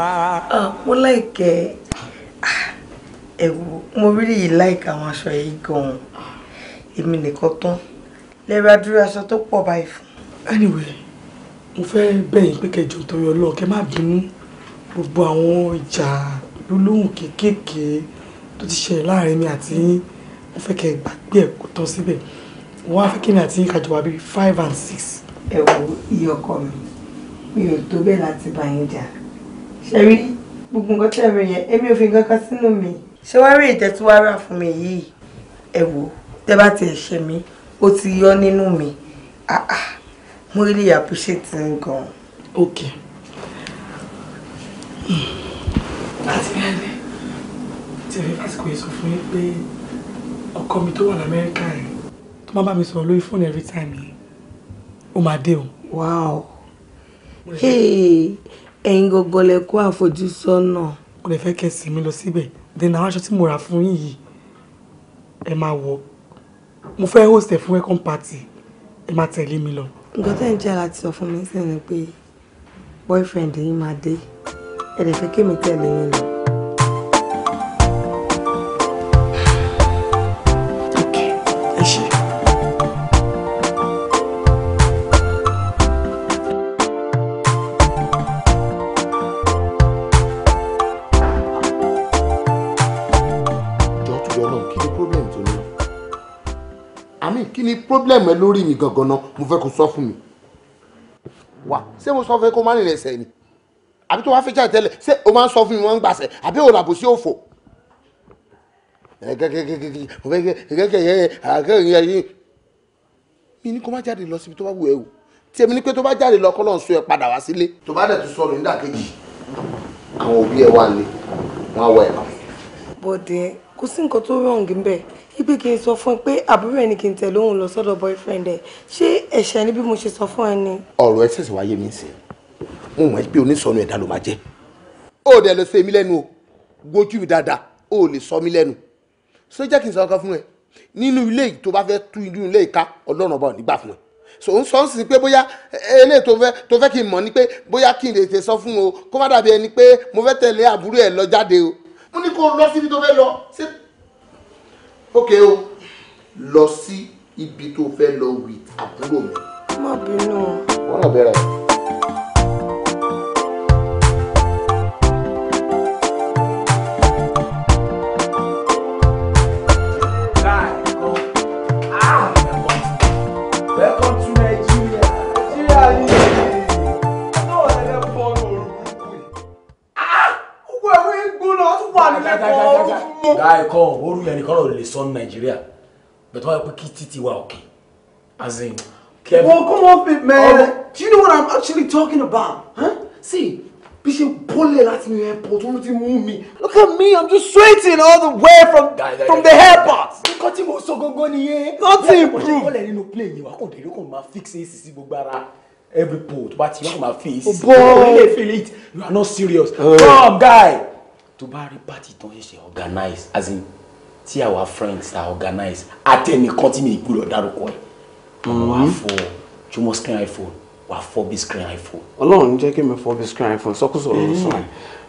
Speaker 4: Ah, mo láìkẹ́ ẹ̀wù mo really yìí like àwọn aṣọ yìí gan-an èmi nìkan tán
Speaker 2: lẹ́rọ adúrú aṣọ tó pọ̀ báyìí fún. anyway mo fẹ́ bẹ̀yìn pé kẹjọ torí ọlọ́ọ̀ kẹ má bínú gbogbo àwọn ìjà lólóhùn kéékèèké tó ti ṣẹlẹ̀ láàrin mi àti mo fẹ́ kẹ gbàgbé ẹ̀ kó tán síbẹ̀ wọ́n á fẹ́ kí ni àti kájọ wá bíi five and six. ẹ wo iye ọkọ mi mi ò tó bẹ́ẹ̀
Speaker 4: láti bá yín jà ṣe rí gbogbo nǹkan tẹ̀rẹ̀ yẹn èmi ò fi nǹkan kan sínú mi ṣé wàá rí ìtẹ́tí wàá rà fún mi yìí ẹ wò tẹ́ bá tiẹ̀ ṣe mí ó ti yọ nínú mi ah ah mo really appreciate ń gan. ok.
Speaker 2: láti bí ẹni tí ẹ fásitì yìí sọ fún yín pé ọkọ mi tó wà lamẹ́ríkà yìí tó má bá mi sọ̀rọ̀ lórí fóònù every time yìí ó máa dé o. wow
Speaker 4: ẹ̀yin gọgọlẹ kó àfojúsọ́nà.
Speaker 2: mo lè fẹ́ kẹ́ sìn mí lọ síbẹ̀ then àwọn aṣọ tí mo rà fún yín yìí ẹ máa wọ̀ mo fẹ́ host ẹ̀ fún welcome party ẹ máa tẹ̀lé mi lọ. nǹkan tẹ́
Speaker 4: ń jẹ́ láti sọ fún mi sí ni pé boyfriend yìí máa dé ẹ̀ lè fẹ́ kémi tẹ̀lé yín lọ.
Speaker 2: kí ni problem ẹ lórí mi gangan náà mo fẹ́ kó sọ fún mi wá ṣé mo sọ fún ẹ kó má rìnrìn ẹsẹ̀ ni àbí tó wá fẹ́ jáde tẹ́lẹ̀ ṣé o máa ń sọ fún mi wọ́n ń gbàṣẹ àbí òun àbò sí òfò mi ní kó má jáde lọ síbi tó bá wù ẹ́ o tí èmi ní pé tó bá jáde lọ kọ́ lọ́n sún ẹ padà wá sílé tó bá dẹ̀ tún sọnù nígbà
Speaker 5: kejì àwọn òbí ẹ wà ní wọn wọ ẹ.
Speaker 4: bọ̀dẹ̀ kò sí nǹkan tó rọ̀ǹgì ń bẹ̀ ibi kí n sọ fún ẹ pé àbúrò ẹni kì í tẹ̀ lóhùn lọ sọ́dọ̀ boyfriend ẹ̀ ṣé ẹ̀ṣẹ̀ ni bí mo ṣe sọ fún ẹ ni.
Speaker 2: ọ̀rọ̀ ẹ ṣẹ̀ṣẹ̀ wáyé mi sí mo mọ̀ pé onísọnù ẹ̀dá ló máa jẹ́ ó dẹ̀ lọ sí èmi lẹ́nu o gbójú mi dáadáa ó lè sọ mí lẹ́nu ṣé jẹ́ kí n sọ ọkọ fún ẹ nínú ilé yìí tó bá fẹ́ tú inú ilé ìka ọlọ́run ọba ò ní gbà fún ẹ so n sọ n sì pé bóyá e, eléyìí tó fẹ́ tó fẹ́ kí n mọ̀ ni pé bóyá kí n lè tè sọ fún o kó má dàbí ẹni pé mo fẹ́ tẹ̀lé àbúrò ẹ̀ lọ jáde o. mo ní kó lọ síbi tó fẹ́ lọ ókè o lọ sí ibi tó fẹ́ lọ wí àbúrò mi. má bínú. wọ́n náà bẹ̀rẹ̀. lè sọ ní nàìjíríà bẹ̀tẹ̀ wọ́n á pé kí as in. Kevin. Well, come off it, man. Oh. Do you know what I'm actually talking about? Huh? See, Bishop Pole láti new airport, wọ́n ti move me. Look at me, I'm just sweating all the way from, guy, guy, from guy, the airport. Nǹkan tí mo sọ gógó here. Nothing improve. Wọ́n ti in a plane You are going to dé lókàn máa fix AC sí gbogbo ara. Every port, but you wá máa fi AC sí oh, gbogbo ara. Ilé ìfẹ́ you are not serious. Eh. Come, guy. To buy bá party, don't you say organize as in tí our friends are organize àtẹnìkan tí mi gbúdọ̀ dárúkọ ẹ̀ ọmọ wa fọ jùmọ̀ screen iphone wà fọ bí screen iphone. ọlọ́run jẹ́ kí mi fọ bí screen iphone sọkúsọ ló sọ ẹ̀ mm-hmm.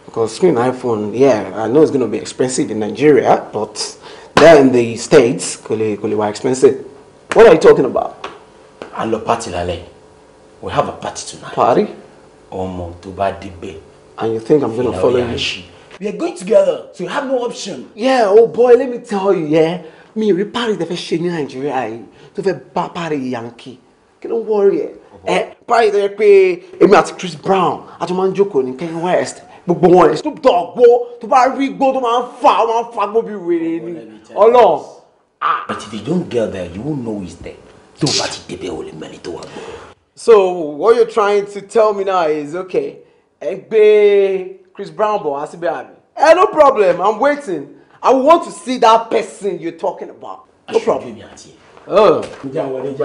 Speaker 2: because screen iphone yeah i know it's gonna be expensive in nigeria but there in the states kò lè kò lè wà expensive what are you talking about. a lọ party lálẹ́ we have a party tonight. party. ọmọ tó bá débẹ̀. and you think i'm gonna follow you we are going together so you have no option. yeah oh boy let me tell you yeah mi rí party tẹ fẹ́ ṣe ní nàìjíríà yìí tó fẹ́ bá party yankee kí ló ń wọrí ẹ ẹ party tẹ fẹ́ pé èmi àti Chris Brown àti máa ń jókòó ní Kanye West gbogbo wọn ẹ eh, snoop dog gbó tó bá rí gbó tó máa ń fa ó máa ń fa gbó bí wèrè ni oh, ọlọ. Ah. but if you don't get there you won't know he's there tó o bá ti débẹ̀ o lè mẹ́rin tó wà so what you're trying to tell me now is okay ẹ gbé Chris Brown bọ̀ wá síbẹ̀ àbí. Hey, eh, no problem. I'm waiting. I want to see that person you're talking about. No problem. Oh. But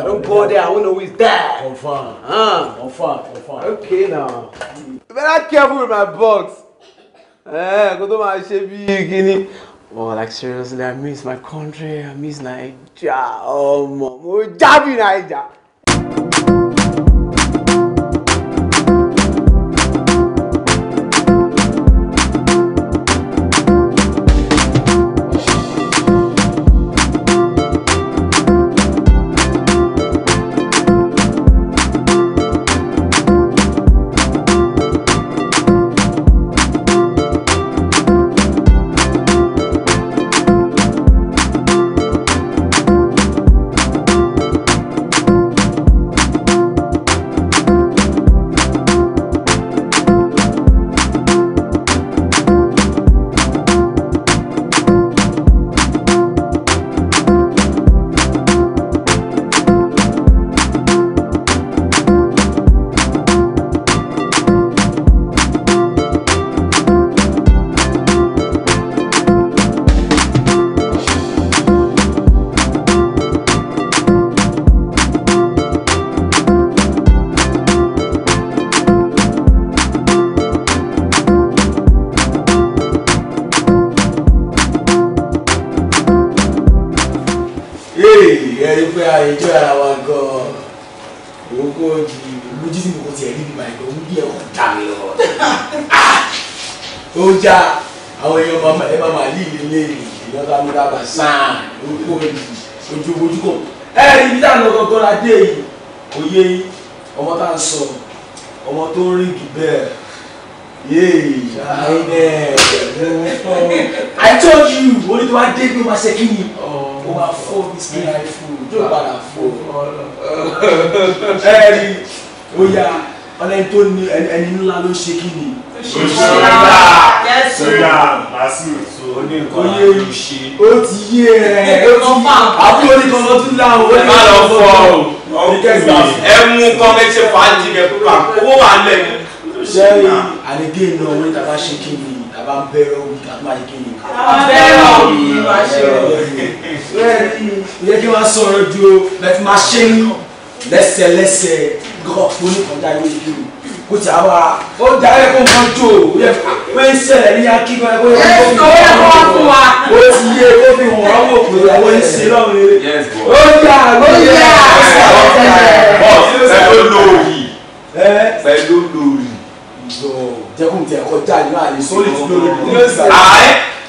Speaker 2: don't go there. I don't know who is there. Confirm. Ah. Confirm. Confirm. Okay now. You better careful with my box. Eh, go to my shabby guinea. Oh, like seriously, I miss my country. I miss Nigeria. Oh, mom. Oh, Jabi Nigeria.
Speaker 1: ló ṣe kí ni. ó ṣe ọ̀la ṣọlá bàṣù oníkọ̀ọ́yé ìṣe. ó ti yé ẹ àbúrò nìkan ló tún láwọn ó
Speaker 2: ní ọ̀fọ̀ ẹ mú kọ́ mẹ́tẹ́ fàájì rẹ̀ kúrò àkówó wà lẹ́nu. sẹ́yìn àlégé náà wọ́n tàbá ṣe kí ni tàbá ń bẹ̀rẹ̀ omi tàbí máa ṣe kí ni. abẹ́rẹ́ omi máa ṣe omi. ìyẹn kí wọ́n sọ̀rọ̀ ju bẹ́ẹ̀ máa ṣe ń lẹ́sẹ̀lẹ́sẹ̀ gọ́ọ̀pù oníkan dáwọ́ ìlú kò tí a wá ó jà ẹ kó mọ jò ó yẹ
Speaker 1: pé ń ṣẹlẹ̀ ní akí kan ó yẹ kó fi wọn jò ó ti yé kó fi wọn wọn wò pé àwọn ń ṣe lọ́run rere ó yà ló yà ó sì àwọn fẹ́ẹ́ bọ́ pẹ̀lú lórí pẹ̀lú lórí.
Speaker 2: jẹ́kùn tẹ̀ kọjá ìlú àyè sórí ti lórí ní ọ̀sẹ̀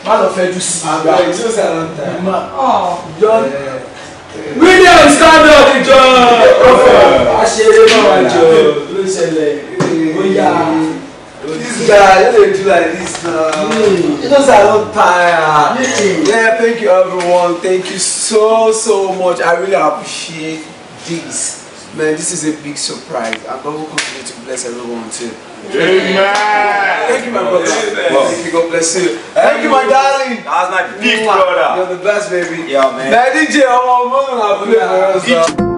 Speaker 2: má lọ fẹ́ ju sí i gbà
Speaker 1: má oh. jọ William stand up jọ
Speaker 2: àṣeré náà jọ ló ṣẹlẹ̀. Oh yeah. This guy, you do like this now. Mm. You know, so I don't tire. Hmm. Yeah, thank you everyone. Thank you so, so much. I really appreciate this. Man, this is a big surprise. And God will continue to bless everyone too. Amen. Thank you, my brother. Well, Thank you, God bless you. Thank you, my darling. That's my big brother.
Speaker 1: You're the best, baby. Yeah, man. Man, DJ, I'm on my play for us.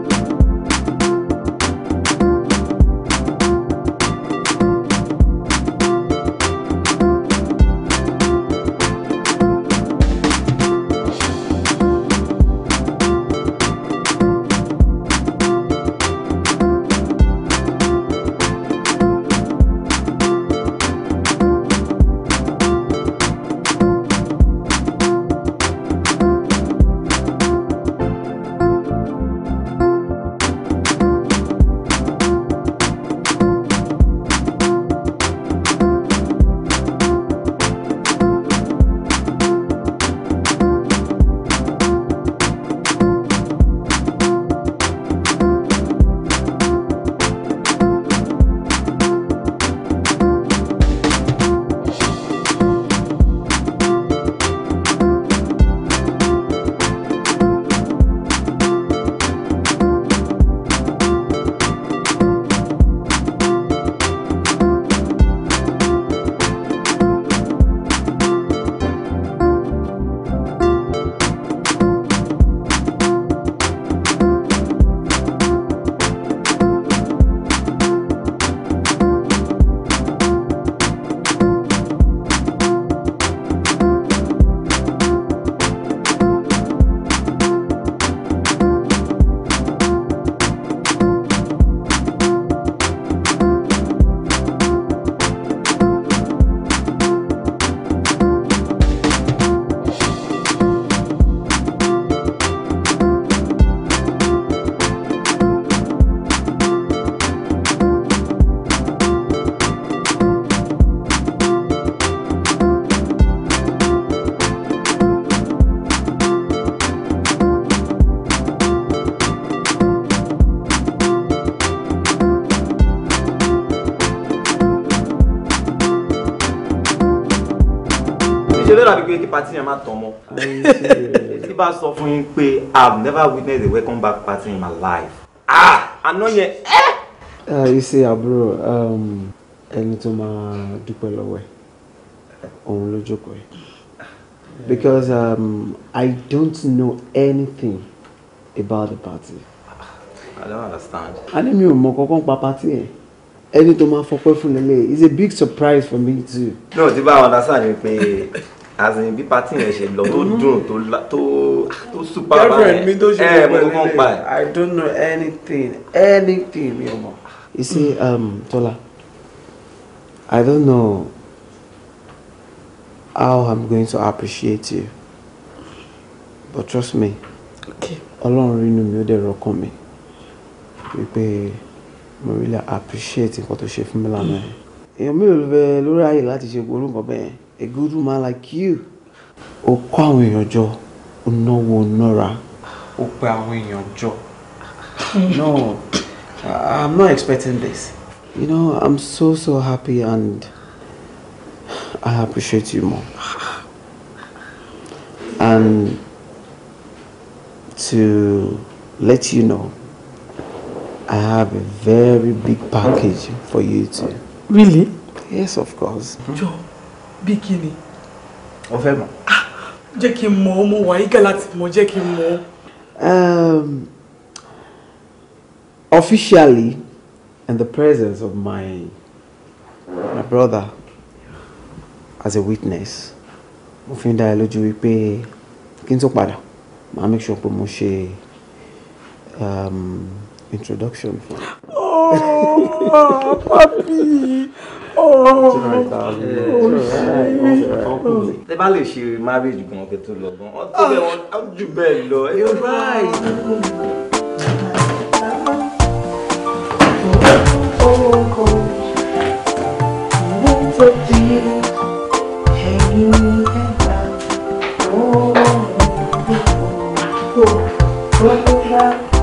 Speaker 2: party yẹn má tán mọ́ tí bá sọ fún yín pé i never witnessed a welcome back party in my life ah àná yẹn ẹ́. Eh! Ah, you see àbúrò um, ẹni tó máa dúpẹ́ lọ́wọ́ ẹ̀ òun ló jókòó ẹ̀ because um,
Speaker 5: I don't know anything about the party.
Speaker 1: I don't understand.
Speaker 5: Ani mi ò mọ kankan pa party yẹn ẹni tó máa fọpẹ́ fún lélẹ̀ It's a big surprise for me too.
Speaker 1: no tí bá a understand ni pé as in bí pati yẹn ṣe lọ tó mm-hmm. dùn tó tó tó super bá yẹn ẹ eh, mo kò pa ẹ. i don't know
Speaker 2: anything anything mi ò mọ̀. you see um, Tola i don't know how i'm going to appreciate you but trust me Ọlọ́run rí inú mi ó dẹ̀ rọkàn mi wípé mo really appreciate nǹkan tó ṣe fún mi lánàá yẹn
Speaker 5: èèyàn mélòó ló fẹ́ lórí ààyè láti ṣe gbórúkọ bẹ́ẹ̀ yẹn a good woman like you
Speaker 2: ó kó àwọn èèyàn jọ ó náwó nára ó pe àwọn èèyàn jọ no i'm not expecting this you know i'm so so happy and i appreciate you more and to let you know I have a very big package for you too. Really? Yes, of course. Joe, bí kí ni. o fẹ́ mọ̀. Ah, jẹ́ kí n mọ̀ ọmọ wàyí gà láti mọ̀ jẹ́ kí n mọ̀. Um, officially in the presence of my my brother as a witness mo fi ń dá ẹ lójú wípé kí n tó padà màá make sure pé mo ṣe um, introduction fún. oh
Speaker 1: papi. Oh. Oh, ẹ bá lè ṣe marriage gan kí tó lọ gan ọ tó bẹ wọn jù bẹ́ẹ̀ lọ ẹ yóò báyìí.
Speaker 4: Thank oh, you.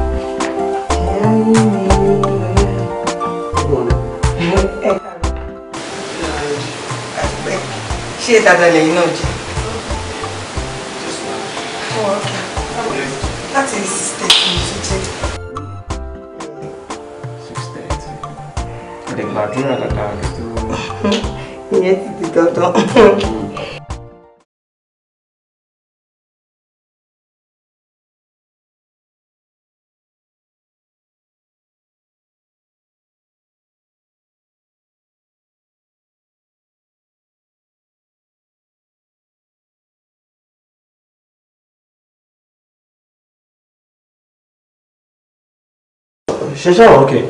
Speaker 4: ṣé dáadáa lẹ́yìn náà jẹ́. six thirty mo ti jẹ́.
Speaker 1: six thirty ẹ̀ẹ́dẹ̀gbàdúrà dáadáa kí tó.
Speaker 4: ìyẹn ti di dandan.
Speaker 2: Sure. ṣe okay.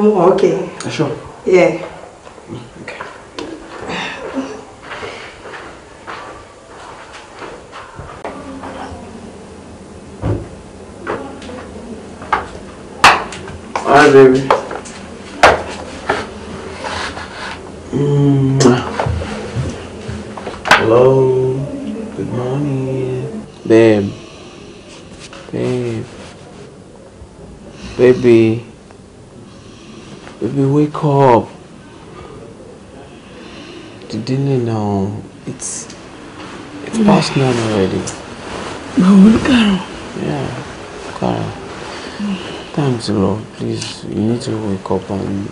Speaker 4: Oh, okay. Sure. yeah. okay.
Speaker 2: Hi, baby. dinner now. It's it's past nine already. look, Carol. Yeah, Carol. Thanks, Lord. Please, you need to wake up and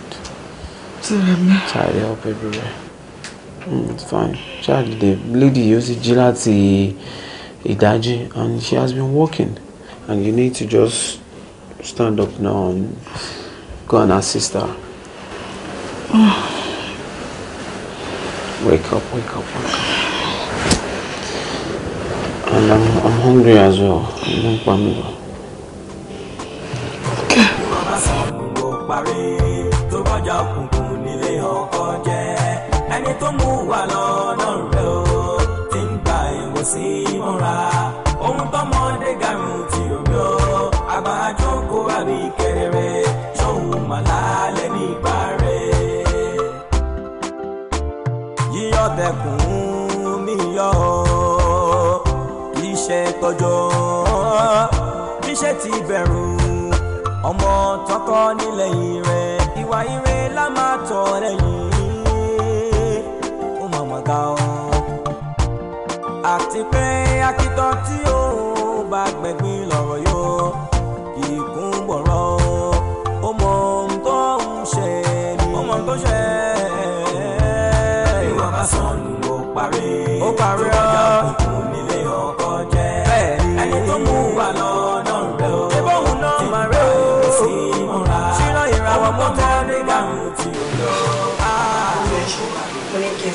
Speaker 2: tidy up everywhere. Mm, it's fine. Charlie, the lady uses gelati, láti and she has been walking. And you need to just stand up now and go and assist her. Oh. Wake up, wake up, wake up. And I'm, I'm hungry as well. I'm want me.
Speaker 1: Okay. níṣẹ́ tọjọ́ níṣẹ́ ti bẹ̀rù ọmọ tọkọ nílẹ̀yìn rẹ̀ ìwà ire la máa tọ̀ lẹ́yìn ó mà mà ga ọ́ àti pé akitọ́ tí ó bá gbẹ̀gbin lọ.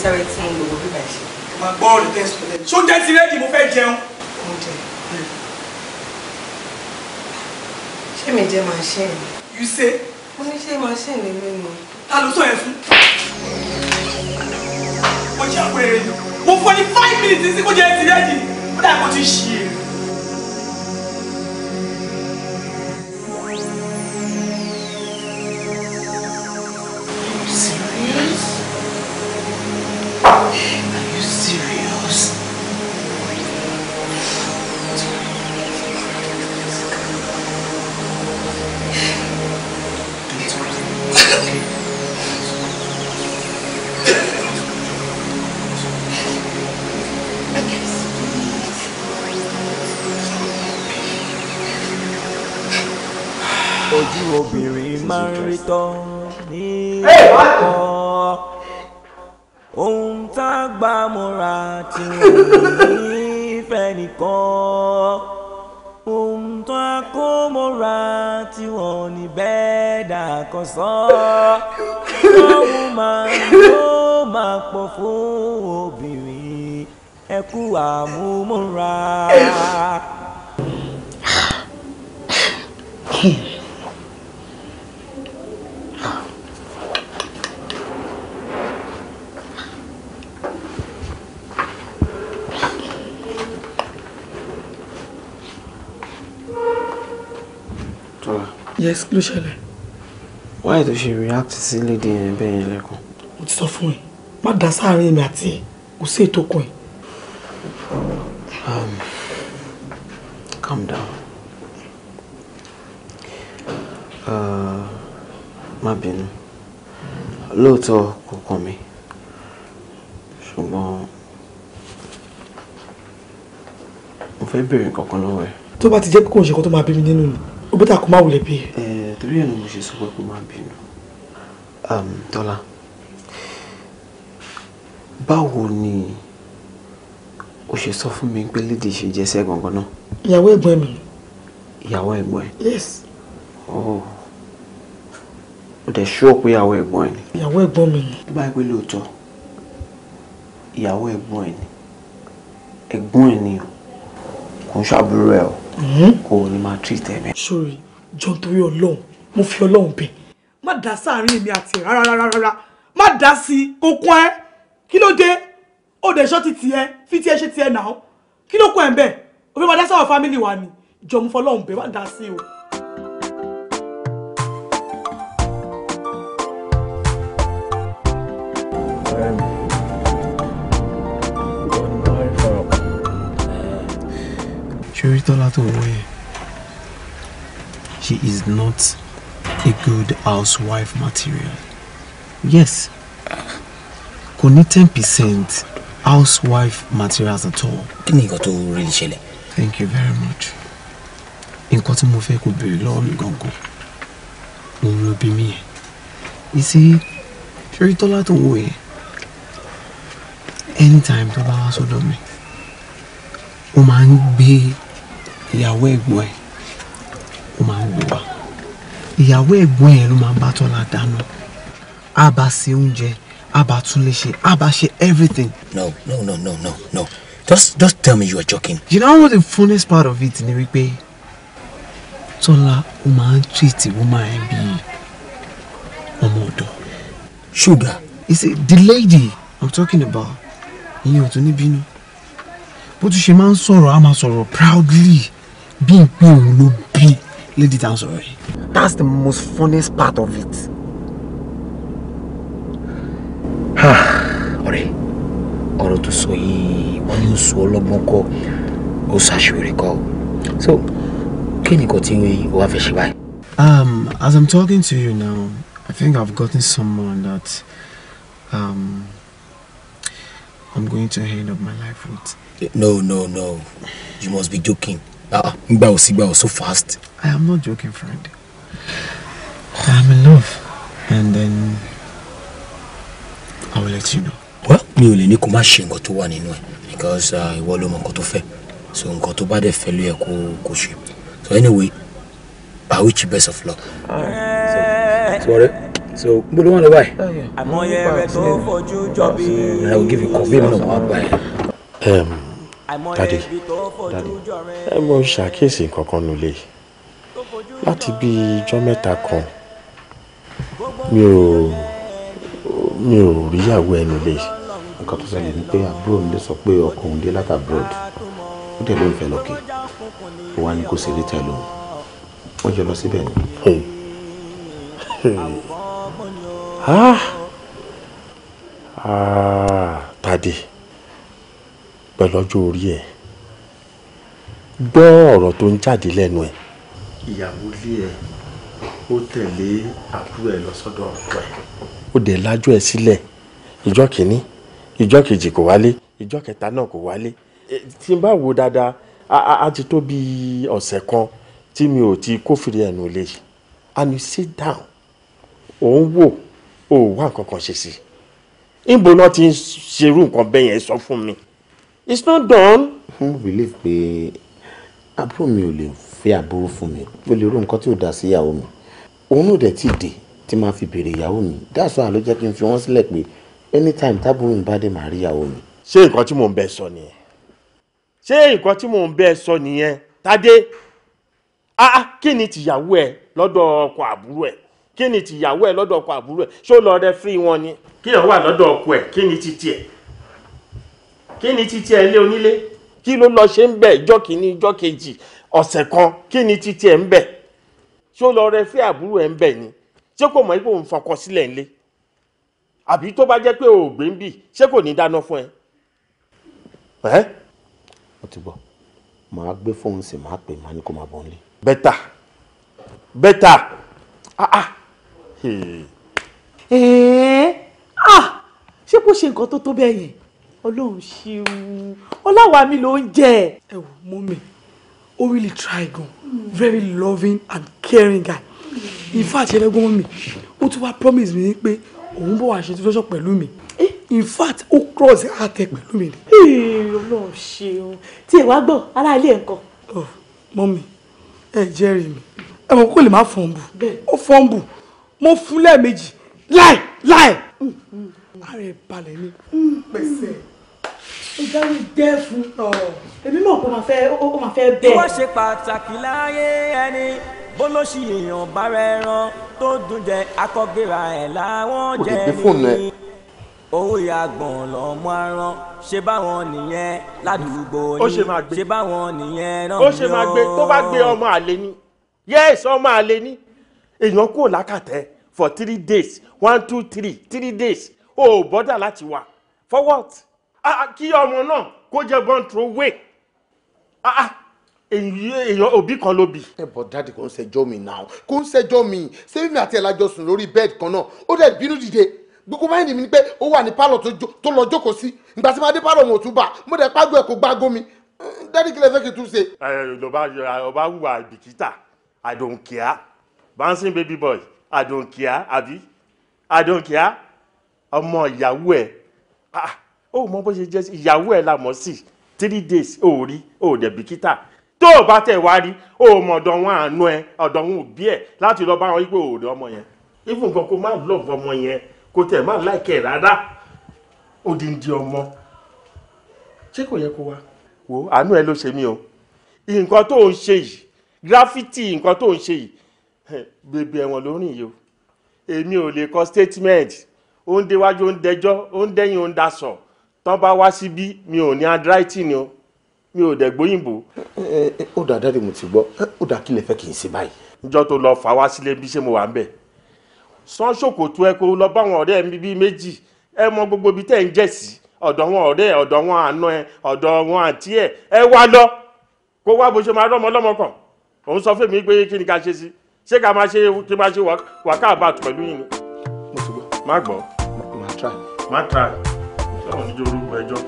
Speaker 1: sáré tí mo lò wọ́n bíbá ìṣe. mà á gbọ́ ọ̀rọ̀ tẹ́ sọ lẹ́nu. sóúnjẹ ti mo fẹ́ jẹun.
Speaker 4: mo jẹ hmm. ṣé mi jẹ machine. you say. mo ní ṣe machine ni mi mọ.
Speaker 2: ta ló sọ yẹn fún. mo jẹ́ àpẹẹrẹ yìí mo fọ́ ní five minutes sí kó jẹ́ ti rẹ́ẹ̀dì ó dà kó ti ṣì é. E.
Speaker 1: kọ́ ohun tá a gbà mọ́ra tí wọ́n ní fẹ́ nìkan ohun tó a kó mọ́ra tí wọ́n ní bẹ́ẹ̀ dà kan sọ ọ̀hún máa ló máa pọ̀ fún obìnrin ẹ kú àmúmọ́ra.
Speaker 2: yes kí ló ṣẹlẹ̀. wáyé tó ṣe react sí lédi yẹn bẹ́ẹ̀ yẹn lẹ́kọ̀ọ́. mo ti sọ fún ẹ má dá sáàárín èmi àti ẹ kò sí ètò kan ẹ. Um, calm down uh, má bínú lóòótọ́ kò kàn mí ṣùgbọ́n mo fẹ́ bèèrè nǹkan kan lọ́wọ́ ẹ. tó bá ti jẹ́ pé kò ń ṣe nǹkan tó máa bí mi nínú ni ó bẹ́tà kó má wulẹ̀ bí. ẹ torí ẹ̀ ni mo ṣe sọ pé kó má bínú um, tọ́lá báwo ni o ṣe sọ fún mi pé lédè ṣe jẹ́ sẹ́ gangan náà. ìyàwó ẹ̀gbọ́n mi. ìyàwó ẹ̀gbọ́n ẹ̀. yes. oh o dẹ̀ ṣọ́ pé ìyàwó ẹ̀gbọ́n ẹ̀ ni. ìyàwó ẹ̀gbọ́n mi ni. tó bá yẹ pé lóòótọ́ ìyàwó ẹ̀gbọ́n ẹ̀ ni ẹ̀gbọ́n ẹ̀ ni o kò ń ṣàbúrò ẹ̀ o òun ni máa treat ẹ sori john torí ọlọ́run mo fi ọlọ́run bẹ̀ má dá sáàrin èmi àti ẹ̀ rárá má dá sí i kó kún ẹ kí ló dé ó dẹ̀ ṣọ́ ti tiẹ̀ fi tiẹ̀ ṣe tiẹ̀ náà kí ló kún ẹ̀ bẹ́ẹ̀ òfin máa dá sáwọn fámìlì wa ni jọ mo fọlọ́run bẹ̀ má dá sí i o. Amen. ṣorí tọ́lá tó wọ she is not a good housewife material yes kò ní percent housewife materials at all. kí ni nǹkan tó rí thank you very much In tí mo fẹ́ kó béèrè lọ́wọ́ mi gangan òun ló bí mi You see, ṣorí tọ́lá tó wọ yẹn anytime tó bá wá sọ́dọ̀ mi ó máa ń gbé ìyàwó ẹ̀gbọ́n ẹ̀ ó máa ń wò wá ìyàwó ẹ̀gbọ́n ẹ̀ ló máa ń bá Tọ́lá dáná á bá ṣe oúnjẹ á bá tún lè ṣe á bá ṣe everything. no no no no no no just just tell me you are joking. you know what the funnest part of it ni wípé Tọ́lá ó máa ń treat woman ẹ̀ bíi ọmọ ọ̀dọ̀. sugar. you see the lady i'm talking about ìyẹn ò tún ní bínú bó tún ṣe máa ń sọ̀rọ̀ á máa sọ̀rọ̀ proudly bí n pé òun ló bí lady tá a that's the most funniest part of it. ọ̀rẹ́ ọ̀rọ̀ tó sọ yìí wọ́n ní oṣù ọlọ́gbọ́n kọ́ ó ṣàṣùrẹ́ kọ́ so kí ni kò tí o wá fẹ́ ṣe báyìí. Um, as I'm talking to you now, I think I've gotten someone that um, I'm going to end up my life with. No, no, no. You must be joking. Ah, Ngba Osigba was so fast. I am not joking, friend. I am in love. And then I will let you know. Well, mi ò lè ní kó má ṣe nǹkan tó wà nínú ẹ̀ because ah, ìwọ ló mọ nǹkan tó fẹ́. So nǹkan
Speaker 1: tó bá dẹ̀ fẹ́ ló yẹ kó kó ṣe. So anyway, I wish you best of luck. Sorry. so n bolo wọn lọ báyìí. Oh, Àmọ́ yẹ rẹ tó fojú jọ bí. I will give you coffee mi náà wá
Speaker 3: báyìí dádì dádì ẹ mọ ṣàkíyèsí kankan nulẹ̀ láti bí ijọ́ mẹ́ta
Speaker 2: kan mi ò mi ò ríyàwó ẹnu lè nǹkan tó ṣẹlẹ̀ ni pé àbúrò mi lè sọ pé ọkọ òun dé láti abroad ó dẹ̀ ló ń fẹ́ lọ́kì ó wá ní kó sì rí tẹ̀lé òun wọ́n jọ lọ síbẹ̀ ni.
Speaker 3: Tádé pẹ́ lọ́jọ́ orí ẹ̀ gbọ́ ọ̀rọ̀ tó ń jáde lẹ́nu ẹ̀. ìyàwó ilé ẹ ó tẹ̀lé àbúrò ẹ lọ sọ́dọ̀ ọ̀tọ̀ ẹ. ó dẹ̀ lájú ẹ sílẹ̀ ìjọ́ kìíní ìjọ́ kejì kò wálé ìjọ́ kẹta náà kò wálé tí n bá wo dáadáa a ti tó bí ọ̀sẹ̀ kan tí mi ò ti kófìrí ẹnu lè and you sit down òun wò ó wá nǹkan kan ṣe sí i níbo náà ti ń ṣerú nǹkan bẹ́ẹ̀ yẹn sọ fún mi it's not done.
Speaker 2: mo believe pé àbúrò mi ò lè fẹ́ àbúrò fún mi ó lè rò nǹkan tí ò dá sí ìyàwó mi òun náà dẹ̀ ti dé tí máa fi béèrè ìyàwó mi dáàsọ àló jẹ́ kí n fi wọ́n sílẹ̀ pé anytime tábùrù mi bá dé màá rí ìyàwó mi. ṣé nǹkan tí mò ń bẹ sọ nìyẹn
Speaker 3: ṣé nǹkan tí mò ń bẹ sọ nìyẹn tádé ah, ah kí ni tìyàwó ẹ lọ́dọ̀ ọkọ àbúrò ẹ kí ni tìyàwó ẹ lọ́dọ̀ ọkọ àbúrò ẹ ṣó lọ rẹ fírí wọn ni kí ẹ wà lọ́dọ̀ ọkọ ẹ kí ni titi ẹ kí ni títí ẹ̀ ń lé onílé kí ló lọ ṣe ń bẹ̀ ìjọ́ kìíní ìjọ́ kejì ọ̀sẹ̀ kan kí ni títí ẹ̀ ń bẹ̀ ṣé ó lọ rẹ fẹ́ àbúrò ẹ̀ ń bẹ̀ ni ṣé kò mọ̀ ipò òun fọkọ sílẹ̀ ńlé àbí tó bá jẹ́ pé o ò gbé ń bì ṣé kò ní dáná fún ẹ.
Speaker 2: ẹ ó ti gbọ́ màá gbé fóun sí màá pè màá ní kó máa bọ̀ nílé.
Speaker 3: bẹ́tà bẹ́tà
Speaker 2: ah ah. ah ṣé kò ṣe nǹkan tó tó bẹ́ẹ̀ yẹn ọlọ́run ṣeun ọláwa mi ló ń jẹ. ẹ wò mú mi ó really try gan very loving and caring guy in fact ẹlẹgbọn mi ó tún wá promise mi pé òun bọ̀ wá ṣe tó fẹ́ṣọ̀ pẹ̀lú mi eh? in fact ó cross àtẹ pẹ̀lú mi. ọlọ́run ṣeun tí ẹ wá gbọ́ ara ilé ẹ̀ kọ́. Oh, mọ́mí ẹ jẹ́rìí mi ẹ mọ̀ kó lè má fọ́nbù ó fọ́nbù mo fún lẹ́ẹ̀mejì láì láì. Mm, mm. ara ẹ̀ balẹ̀ ni mm. pẹ̀sẹ̀ ìdáwí dẹ́ fún ọ èmi mọ̀ pé ó máa fẹ́ ó
Speaker 5: máa fẹ́ bẹ́ẹ̀. ìwọ
Speaker 1: ṣe pàtàkì láyé ẹni bólóṣì èèyàn bá rẹ ran tó dùn jẹ akọgbéra ẹ láwọn jẹ nìyí owó ìyàgbọ̀n lọ́mọ aràn ṣe báwọn nìyẹn ládùúgbò yìí ṣe báwọn nìyẹn náà ni ó ṣe máa gbé tó bá gbé ọmọ àlè ni yẹ́ẹ̀sì ọmọ àlè ni èèyàn
Speaker 3: kúrò lákàtẹ́ for three days one two three three days o ò bọ́dà láti wà for what. Ah, ah, kí ọmọ náà kó jẹ́ born throw way ah,
Speaker 2: èyàn òbí kan ló bí. ẹ bọ dáàdì kò ń ṣẹjọ́ mi náà kò ń ṣẹjọ́ mi sẹfìmí àti ẹlajọ sùn lórí bẹ́ẹ̀dì kan náà ó dẹ bínú dìde gbogbo máyì mi ni pé ó wà ní pálọ̀ tó lọ jókòó sí ìgbà tí máa dé pálọ̀ wọn ò mo dẹ pàgọ́ ẹ̀ kó gbágó mi eh, dáàdì kí fẹ́ kí n tún
Speaker 3: ṣe. ẹ ló bá ọ bá wùwà bìkítà I don't care bouncing baby boy I don't care àbí I don't care ọmọ ìyàwó ẹ ah ó mọ bó ṣe jẹ́ ìyàwó ẹ̀ la mọ̀ sí three days ó rí ó dẹ̀ bìkítà tó o bá tẹ̀ wá rí ó mọ ọ̀dọ̀ wọn àánú ẹ ọ̀dọ̀ wọn òbí ẹ láti lọ bá wọn wípé òòrè ọmọ yẹn even gan kó má lọ́ọ̀bù ọmọ yẹn kó tẹ̀ má láìkẹ́ rárá odindi ọmọ ṣé kò yẹ kó wá wò àánú ẹ ló ṣe mí o nǹkan tó ń ṣe yìí gráfítì nǹkan tó ń ṣe yìí bèbè ẹ̀wọ̀n ló yìí o èmi ò lè kọ statement ó ń déwájú ó ń dẹjọ́ ó ń dẹ́yìn ó ń daṣọ̀ tán bá wá síbí mi ò ní handwriting o mi ò dẹ̀ gbóyìnbó. ó dà dáre mo ti gbọ́ ó dà kí lè fẹ́ kì í ṣe báyìí. níjọ́ tó lọ fà wá sílé bí ṣé mo wà ń bẹ̀. sán ṣòkòtò ẹ lọ bá àwọn ọ̀rẹ́ mi bíi méjì ẹ mọ gbogbo ibi tẹ́ ń jẹ̀ sí ọ̀dọ̀ wọn ọ̀rẹ́ ọ̀dọ̀ wọn àna ẹ ọ̀dọ̀ wọn àǹtí ẹ ẹ wá lọ kó wá bó ṣe máa rọ́mọ lọ́mọ kàn òun sọ fún mi pé kí ni ká ṣe sí ṣé ká máa ṣe kí máa ṣe wákàbàt pẹ̀lú yìí ni. mo ti gbọ́. má gbọ́. má try. má try kàn ní orúkọ ẹjọ́.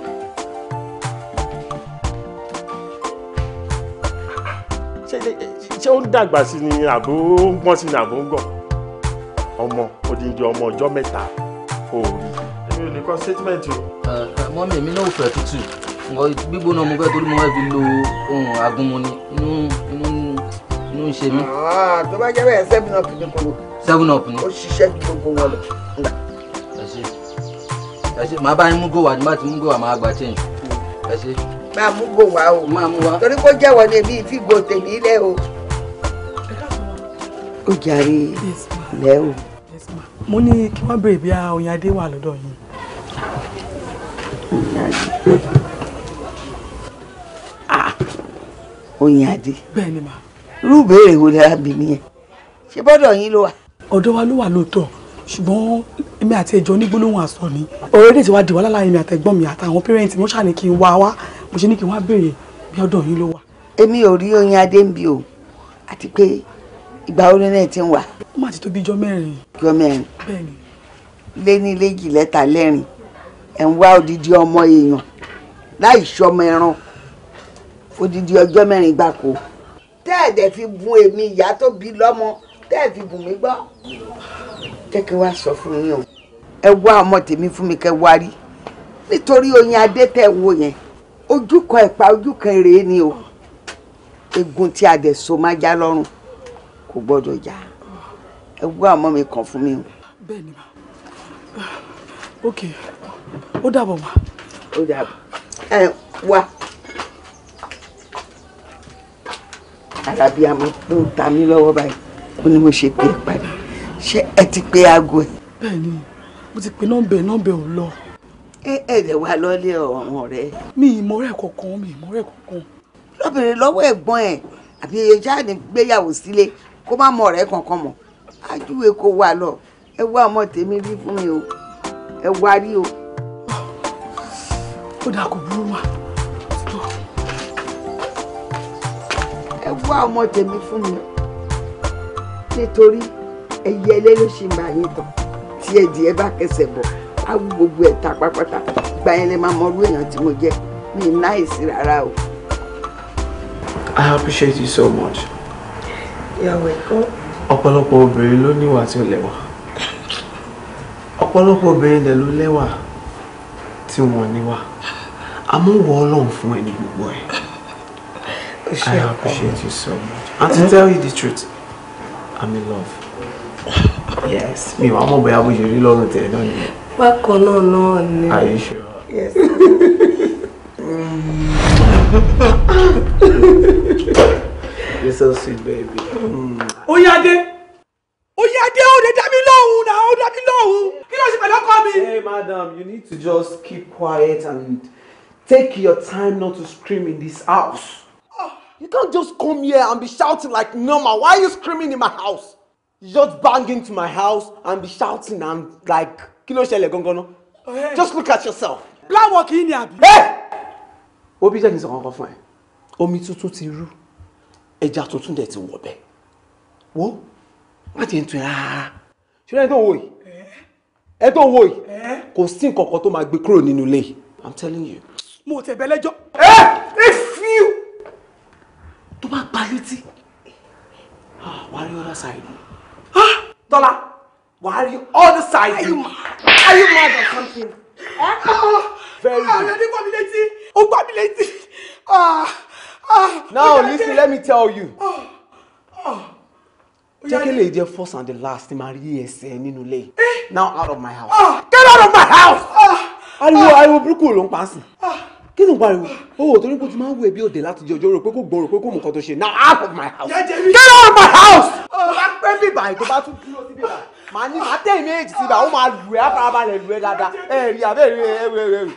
Speaker 3: ṣé ó ń dàgbà sí ni àbó ń gbọ́n sí ni àbó ń gọ̀ ọmọ odindi ọmọ ọjọ́ mẹ́ta ò rí. èmi ò lè kọ statement
Speaker 5: o. mọ́mí mi náà fẹ́ tútù gbígbóná mo fẹ́ torí mo fẹ́ fi lo ohun agunmu ni inú inú inú ń ṣe mí. Ah, tó bá jẹ́ bẹ́ẹ̀ seven up ni kò lò. seven up ni. ó ṣiṣẹ́ gbogbo wọn lọ ẹ ṣe màá bá yín mú gòwà nígbà tí mú gòwà máa gba change ẹ ṣe. máa mú gòwà o máa mú wa torí kó jẹ́wọ́ ni èmi ìfìgò tèmi lẹ́ o. ó jàre lẹ́ o.
Speaker 2: mo ní kí wọ́n béèrè bí oyin adé wà lọ́dọ̀ yín.
Speaker 5: oyin adé. Ah, bẹ́ẹ̀ ni màá irú ìbéèrè wo lẹ́ra bí mi yẹn ṣé bọ́dọ̀ yín ló wà.
Speaker 2: ọ̀dọ̀ wa ló wà lóòótọ́ ṣùgbọ́n èmi àti ẹjọ́ ní gbólóhùn àsọ ni ọ̀rọ̀ èdè tí wàá di wá láláyé mi àtẹ̀gbọ́n mi àtàwọn pẹ́rẹ́ǹtì mo ṣàní kí n wá wá mo ṣe ní kí n wá béèrè bí ọ̀dọ̀ yín ló wà.
Speaker 5: èmi ò rí oyin adé ń bi o àti pé ìgbà orin náà ti ń wà. ó mà ti tó bí ijọ́ mẹ́rin. ijọ́ mẹ́rin lé ní léjì lẹ́ta lẹ́rin ẹ̀ ń wá odidi ọmọ èèyàn láì ṣọmọ ẹran odidi ọjọ́ mẹ́rin gbáko tẹ́ fi bùn èmi ìyá tó bí lọ́mọ tẹ́ fi bùn mí gbọ́ jẹ́ wá sọ fún yín o ẹ wá ọmọ tèmi fún mi kẹ wá rí nítorí oyin adé tẹ̀ wo yẹn ojú kan ẹ̀pà ojú ni o egun tí a dẹ̀ so máa já lọ́rùn kò gbọ́dọ̀ já ẹ wá ọmọ mi kàn fún mi o.
Speaker 2: bẹ́ẹ̀ni ma ok
Speaker 5: ó dàbọ̀ ma. ó dàbọ̀ ẹ wá arábíàmọ tó ta mí lọ́wọ́ báyìí ó ní mo ṣe pé padà ṣé ẹ ti pé aago ẹ.
Speaker 2: bẹ́ẹ̀ni mo ti pe nọ́mbẹ̀ nọ́mbẹ̀ ò lọ.
Speaker 5: ẹ ẹ lè wá lọ́lé ọ̀rùn rẹ. mi ìmọ̀rẹ́ kankan mi ìmọ̀rẹ́ kankan. lọ́bìnrin lọ́wọ́ ẹ̀gbọ́n ẹ̀ àbí jáde gbéyàwó sílé kó má mọ̀ ọ̀rẹ́ kankan mọ̀ ajúwe kó wà lọ ẹ wá ọmọ tèmi rí fún mi o ẹ wá rí o. ó dà kó burú wá. ẹ wá ọmọ tèmi fún mi nítorí ẹyẹ ẹlẹ́lẹ́ṣin bá yín tán ẹdìẹ bá kẹsẹ̀ bọ̀ á gbogbo ẹ̀ ta pápátá ìgbà yẹn lè máa mọ orú èèyàn tí mo jẹ́ mi náìsí rárá o.
Speaker 2: I appreciate you so much.
Speaker 5: You're welcome.
Speaker 2: ọ̀pọ̀lọpọ̀ obìnrin ló níwà tí ó lẹ́wà ọ̀pọ̀lọpọ̀ obìnrin dẹ̀ ló lẹ́wà tí wọ́n níwà àmọ́ wọ ọlọ́run fún ẹni gbogbo ẹ̀. I appreciate you so much. And to tell you the truth, I'm in love yes mi wàá mọ̀ bóyá bó ṣe rí lọ́rùn tẹ̀lé náà nìyẹn.
Speaker 4: bákan náà náà ni. are you
Speaker 2: sure. yes. you're so sweet baby. Hmm. ó yá dé oyade o de dá mi lóhùn na o dá mi lóhùn kí ló ṣe pẹ̀lú ọkọ mi. hey madam you need to just keep quiet and take your time not to scream in this house. Ah, you can't just come here and be shouting like normal why are you screaming in my house just bang into my house and be shouting and like kí ló ṣẹlẹ̀ gangan
Speaker 1: náà just
Speaker 2: look at yourself. láwọ̀ kì í ní àbí. obi jẹ́ kí n sọ kankan fún ẹ omi tuntun ti rú ẹja tuntun dẹ̀ ti wọ̀ bẹ́ẹ̀ wo má ti ń tún ẹ rárá ṣé ẹ tó ń wò yìí eh? ẹ tó wò yìí eh? kò sí nǹkan kan tó máa gbé kúrò nínú ilé yìí i'm telling you. mo tẹ̀ bẹ́ lẹ́jọ́. ẹ eh! ẹ fi o tó bá gba létí ah, wàá rí ọ̀rá sáré nù. Dola, why are you all the sides. Are you mad? Are you mad or something? Ah, Very ah, good. Ọ̀rẹ́ ní gbàmí létí, ó gbàmí létí. Ah, Now listen, let me tell you. Jẹ́ kí lè jẹ́ first and the last ti máa rí ẹsẹ̀ nínú ilé. Eh? Now out of my house. Get out of my house! I will, I will break you long sìn kí ló ń pariwo owó oh, torí kó ti máa ń wù ẹbí òde láti jẹ ọjọ́ rò pé kó gbọ́n rò pé kó mú nǹkan tó ṣe now out of my house get out of my house. Oh, bá pẹ́ bíbà ètò bá tún dúró sí bíbà màá ní màá tẹ̀yìn méjì síbà ó máa lù ẹ́ afárabalẹ̀ lù ẹ́ dáadáa ẹ rí abẹ́ rí ẹ rí
Speaker 1: ẹ rí.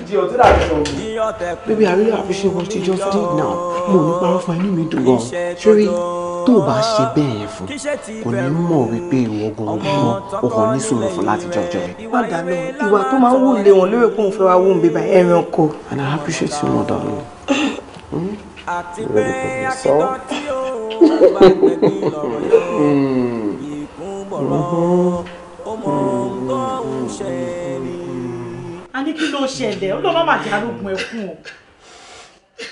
Speaker 1: ìjì ọ̀tún dàbí sọ̀rọ̀.
Speaker 2: baby I really appreciate what you just did now mo ò ní parọ́ fún inú mi dùn gan-an sórí tó bá ṣe bẹ́ẹ̀ yẹn fún kò ní mọ̀ wípé ìwọ gan mọ̀ o ní sùúrù fún láti jọjọ rẹ.
Speaker 4: padà ìwà tó máa ń wò lé wọn lórí pé fẹ́ wá wò ń bíbá ẹran
Speaker 2: kọ. and I appreciate you more darling. Hmm?
Speaker 1: àti pé akíkan tí ó bá gbẹ̀gbẹ̀ lọ́rọ̀ yóò ìkún hmm. bọ̀rọ̀ ó mọ
Speaker 2: a ní kí ló ṣẹlẹ̀ ó lọ́ọ́ má jà arógun ẹkún o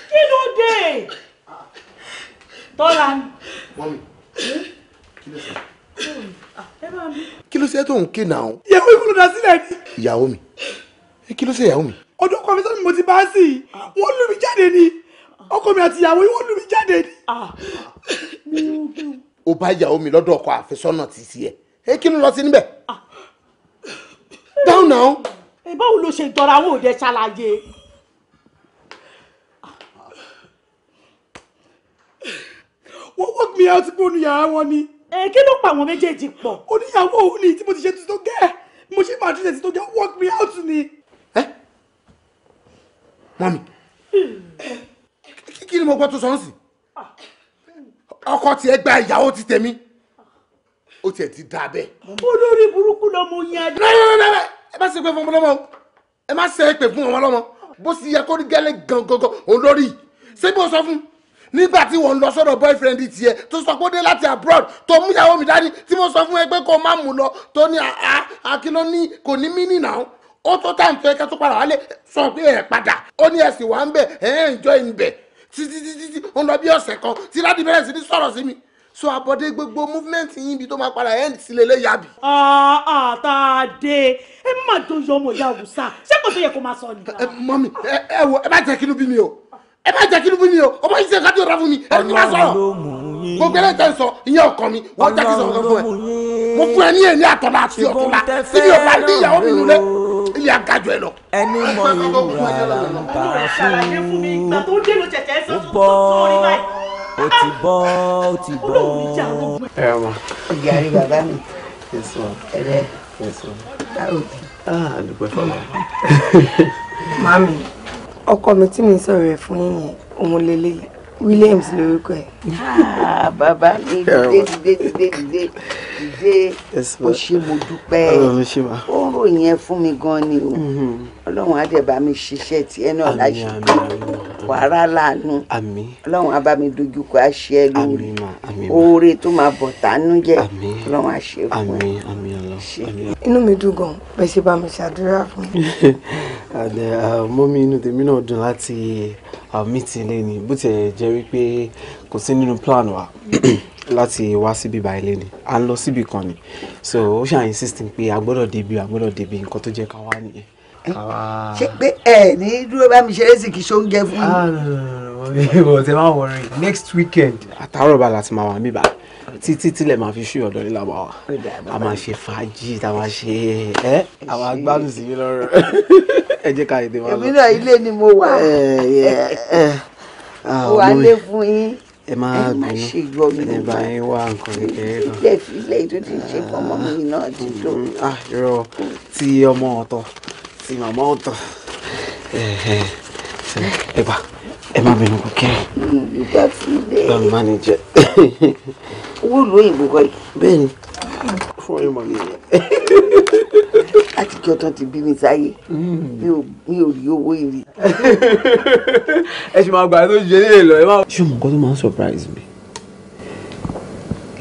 Speaker 2: kí ló dé. Tọ́lá ni. Mọ́mí, kí ló ṣe? Kí ló ṣe tó ń ké náà? Ìyàwó mi ló dá sílẹ̀ ni. Ìyàwó mi, eh, kí ló ṣe ìyàwó mi? Ọ̀dọ̀ ọkọ mi sọ́mi mo ti bá a sì, wọ́n lù mí jáde ni. Ọkọ mi àti ìyàwó yìí wọ́n lù mí jáde ni. O ah. bá ìyàwó mi lọ́dọ̀ ọkọ àfẹ́sọ́nà ti sí Ẹ eh, kí ló lọ sí níbẹ̀? Ah. Down now. Eh, báwo ló ṣe jọra àwọn òde ṣàlàyé? mi á ti bónú yàrá wọn ni. ẹ kí ló pa àwọn méjèèjì pọ̀. oníyàwó òun ni tí mo ti ṣe tuntun gẹ́ mo ṣe máa tún ṣe tuntun gẹ́ work me out ni. ẹ mọ́mi kí ni mo gbọ́ tó sọ ń ọkọ tiẹ̀ gba ìyàwó ti tèmi ó tiẹ̀ ti dáa bẹ́ẹ̀. olórí burúkú lọmọ yẹn adé. rẹ́rẹ́rẹ́rẹ́ ẹ má ṣe pé fún ọmọ lọ́mọ ẹ má ṣe é pè fún ọmọ lọ́mọ bó sì yẹ kó rí gẹ́lẹ́ gangan olórí ṣé bí o sọ fún un nígbà tí wọ́n lọ sọ́dọ̀ boyfriend tiẹ̀ tó sọ pé ó dé láti abroad tó mú ìyàwó mi dání tí mo sọ fún ẹ pé kó má mú lọ tó ní àkínó ní kò ní mí nìyàwó ó tó tá à ń fẹ́ kẹ́ tó padà wálé sọ pé ẹ̀ padà ó ní ẹ̀sìn wà ń bẹ̀ ẹ̀ ẹ̀ ń jọ ìbẹ̀ títí títí tí ó ń lọ bí ọ̀sẹ̀ kan tí láti bẹ̀rẹ̀ sí ní sọ̀rọ̀ sí mi so abode gbogbo movement yín ibi tó máa padà end sí lélẹ̀ yàbí. àtàdé ẹ má jọ yọ ọmọ ìyá òwúsà ṣé kò tó yẹ kó máa sọ nìyà. mọ́mí ẹ wo ẹ bá jẹ́ kínú bí mi o ẹ bá jẹ kílùbù mi o ọmọ yìí ṣe ká tó ra fún mi ẹni tó bá sọ gbogbo ẹlẹ́yìn tẹ́ ń sọ ìyẹn ọkọ mi wọ́n jẹ́ kí sọ̀rọ̀ fún ẹ mo fún ẹ ní èmi àtọ̀lá àti ọ̀tọ̀lá níbi ọ̀pá ní ìyàwó mi nulẹ̀ ilé agajọ ẹ lọ. ẹni mọ ìwúra
Speaker 1: ń bá fún ó ah! bọ́ ó ti bọ́ ó ti bọ́. ẹ ọmọ. ìyá
Speaker 4: bàbá
Speaker 5: mi ẹ̀rẹ́ ẹ̀sùn.
Speaker 2: Ah, a dúpẹ́ fọlọ́.
Speaker 4: mami ọkọ mi tí mi sọ̀rọ̀ rẹ̀ fún yìnyín òun lélẹ̀ Williams lórúkọ ẹ̀.
Speaker 5: Ah, bàbá mi dìde dìde dìde dìde dìde o ṣé mo dúpẹ́ ó ròyìn ẹ fún mi gan ni o. Mm-hmm ọlọ́run á dẹ̀ bá mi ṣiṣẹ́ tiẹ̀ náà láṣẹ wàrà láàánú ọlọ́run á bá mi dojú kọ àṣẹ lórí oore tó máa bọ̀ tánú jẹ́ ọlọ́run á ṣe fún ẹ.
Speaker 4: inú mi dùn gan bẹ́ẹ̀ ṣe bá mi ṣàdúrà fún mi.
Speaker 2: Uh, mọ́mí inú tèmi náà dùn láti uh, mítì lẹ́ni bó tiẹ̀ jẹ́ wípé kò sí nínú plan wa láti wá síbi báyìí lẹ́ni à ń lọ síbi kan ni so ó ṣàn insist pé a gbọ́dọ̀ débi a gbọ́dọ̀ débi nǹkan tó jẹ́ ká wá nìyẹn. Eh, ah. ṣé
Speaker 5: pé ẹ ní dúró bá mi ṣeré sì kì í ṣe oúnjẹ fún mi.
Speaker 2: bọ̀ tẹ máa wọrin next weekend. àtàárọ̀ bá láti máa wà níbà títí tílẹ̀ máa fi ṣú ọ̀dọ́ nílà bá a máa ṣe fàájì tá a máa ṣe ẹ́ àwọn agbádùn sí
Speaker 5: mi lọ́rọ̀ ẹ jẹ́ ká ètè máa lọ. èmi náà ilé ni mo wà ó ah, wà lé fún yín ẹ máa bínú ẹ bá yín wá nǹkan kékeré kan. ilé ìfilẹ̀ tó ti ṣe mi náà ti tó. Ah, ti ọmọ ọ̀tọ̀ Simamoto.
Speaker 2: Eh, eh. Ẹ gbà, ẹ má bínú kúkẹ́.
Speaker 5: Ìgbà tí bẹ́ẹ̀. Bá mi máa ní jẹ. Owó ìlú òyìnbó kọ́ yìí. Bẹ́ẹ̀ni, fún ọyọ́ mọ̀ nìyẹn. Láti kí ọtọ́ ti bí mi eh. sáyé, mi ò rí owó ìrì. Ẹ ṣì máa gbà tó ṣe ní èlò ẹ
Speaker 2: máa. Ṣé o mọ̀ nǹkan tó máa ń surprise mi?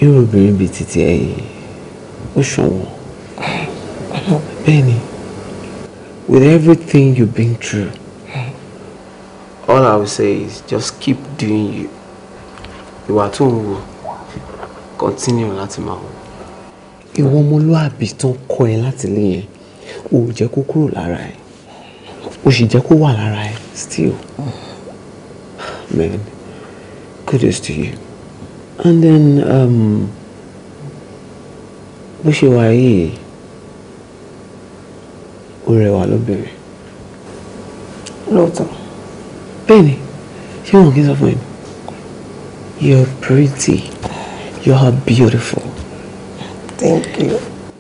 Speaker 5: Irú obìnrin bíi títí ẹ yìí,
Speaker 2: ó ṣọ̀wọ́n. Bẹ́ẹ̀ni with everything you've been through, all I would say is just keep doing you. You are too. continue láti máa wò. Ìwọ ọmọlúàbí tán kọ́ ẹ láti lé yẹn, o ò jẹ́ kó kúrò lára ẹ, o sì jẹ́ still. Man, kudos to you. And then, um, bó ṣe wà yìí ó rẹwà lóbìnrin. lóòótọ́. bẹ́ẹ̀ ni ṣé wọn kì í sọ fún ẹ ni. you're pretty you are beautiful.
Speaker 4: thank you.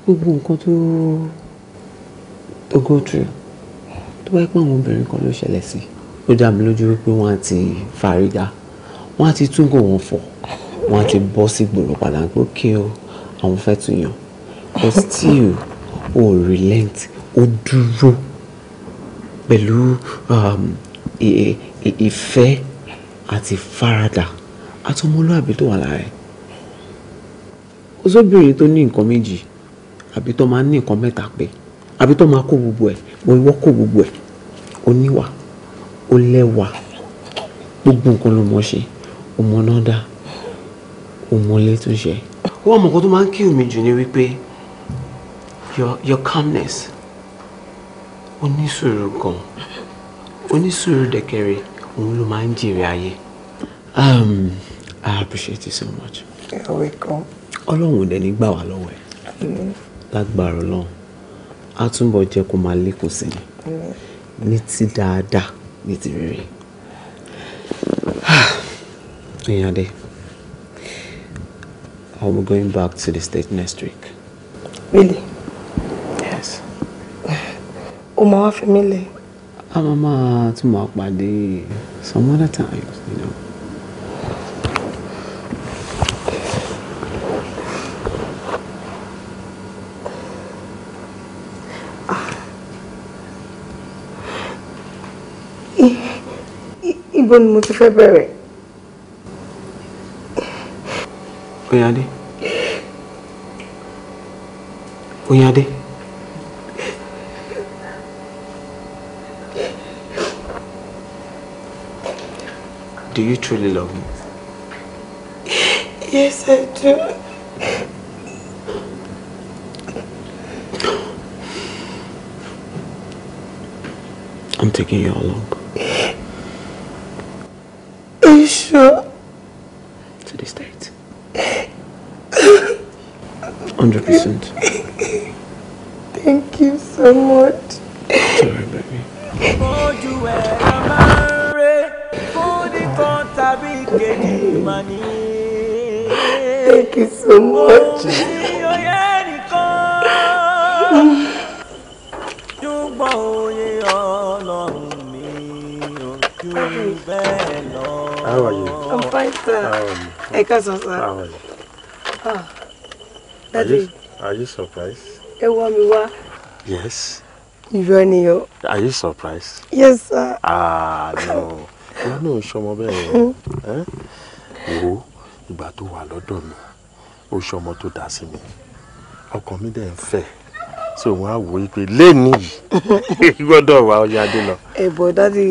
Speaker 4: gbogbo nǹkan tó
Speaker 2: tó go through tó wáyé pé àwọn obìnrin kan ló ṣẹlẹ̀ sí ó dá mi lójú wípé wọ́n á ti fárígá wọ́n á ti túngò wọn fọ̀ wọ́n á ti bọ́ sí gbòòrò padà pé o àwọn fẹ́ tún yàn but still o relent ó dúró pẹ̀lú um, ìfẹ́ àti faradà àti ọmọlúàbí tó wà lára ẹ̀ ó sóbìnrin tó ní nǹkan méjì àbí tó máa ń ní nǹkan mẹ́ta pé àbí tó máa kó gbogbo ẹ̀ mo ìwọ kó gbogbo ẹ̀ ó níwà ó lẹ́wà gbogbo nǹkan ló mọ̀ ṣe ó mọ náà dá ó mọ ilé tó ṣe. ó wà mọ̀ nǹkan tó máa ń kí omi jù ni wípé your your calmness onísùúrù gan onísùúrù dẹkẹrẹ òun ló máa ń jèrè ayé um i appreciate you so much. welcome. ọlọ́run dẹ̀ ní gbà wá lọ́wọ́ ẹ̀ lágbára ọlọ́run á túnbọ̀ jẹ́ kó máa lékún sí ni ní ti dáadáa ní ti rere. Ah, Iyande, I'll be going back to the state next week.
Speaker 4: Really? o máa wá fi mí lẹ̀.
Speaker 2: a máa máa tún máa pàdé some other times you know.
Speaker 4: ibo ni mo ti fẹ́ bẹ̀rẹ̀.
Speaker 2: Oyade. Oyade. Do you truly love me?
Speaker 4: Yes, I do.
Speaker 2: I'm taking you along. Are you sure? To the state. 100%.
Speaker 4: Thank you so much. ẹ ká sọ sọ.
Speaker 1: dadi
Speaker 3: are you surprised.
Speaker 4: ẹ wọ mi wá. yes. irọ́ ni
Speaker 3: are you surprised.
Speaker 4: yes sir.
Speaker 3: ah no You know, ṣọmọ bẹ́ẹ̀ yẹn hm. wo ìgbà tó wà lọ́dọ̀ mi ó ṣọmọ tó dá sí mi ọkàn mi dẹ̀ ń fẹ́ so wọn á wò leni. pé lẹ́ẹ̀ni wa gbọ́dọ̀ wà ọjà dé lọ.
Speaker 4: ẹ̀bọ̀ dádì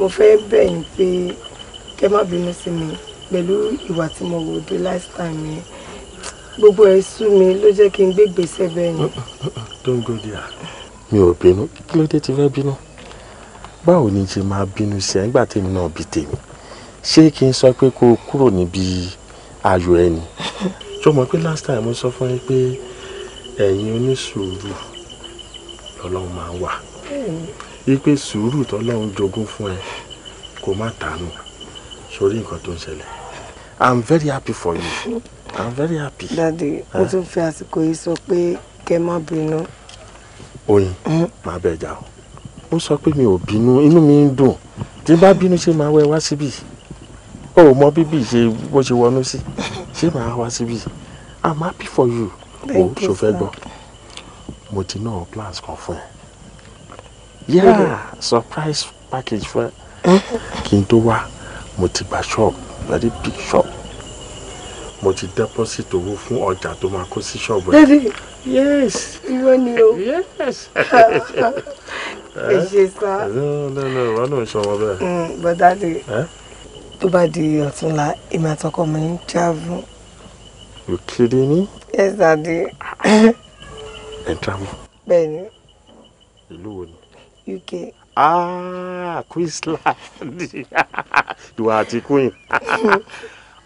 Speaker 4: mo fe bẹ̀ yín pé kẹ́ má bínú sí mi pẹ̀lú ìwà tí mo wò dé last yẹn gbogbo ẹ̀ mi ló jẹ́ kí n gbé gbèsè bẹ́ẹ̀ ni.
Speaker 3: don't go there. mi ò bínú kí ló dé tí fẹ́ bínú báwo ni ṣe máa bínú sí ẹ nígbà tèmi náà bí tèmi ṣé kí n sọ pé kó o kúrò níbi ayọ̀ ẹ ni ṣó mọ̀ pé last time mo sọ fún ẹ pé ẹ̀yin onísùúrù lọ́lọ́run máa wà wípé sùúrù tọ́lọ́run jogún fún ẹ kó má tànù sórí nǹkan tó ń ṣẹlẹ̀ i'm very happy for you
Speaker 4: i'm very happy. Daddy, mo eh? tún fi àsìkò yìí sọ pé kẹ má bínú.
Speaker 3: oyin máa hmm? bẹ jà o ó sọ pé mi ò bínú inú mi ń dùn tí bá bínú ṣe máa wẹ wá síbí o ò mọ bíbí ṣe bó ṣe wọnú sí ṣé máa wá i'm happy for you o ṣò fẹ́ gbọ́ mo ti náà plans kan fún ẹ yeah surprise package for. ẹ hmm? kí n mo ti gba shop very big shop mo ti deposit owó fún ọjà tó máa kó sí ṣọ́ọ̀bù ẹ̀.
Speaker 4: yes. irọ́ ni o. yes. ẹ ṣe sá. Eh,
Speaker 3: no no wọn náà ń sọ wọn bẹ́ẹ̀.
Speaker 4: Mm, but daddy eh? tó bá di ọ̀túnla èmi àtọkọ mi ń travel.
Speaker 3: you kidding me. yes daddy. ẹ travel.
Speaker 4: bẹ́ẹ̀ni. ìlú wo ni. uk
Speaker 3: ah Queensland ìwà àti queen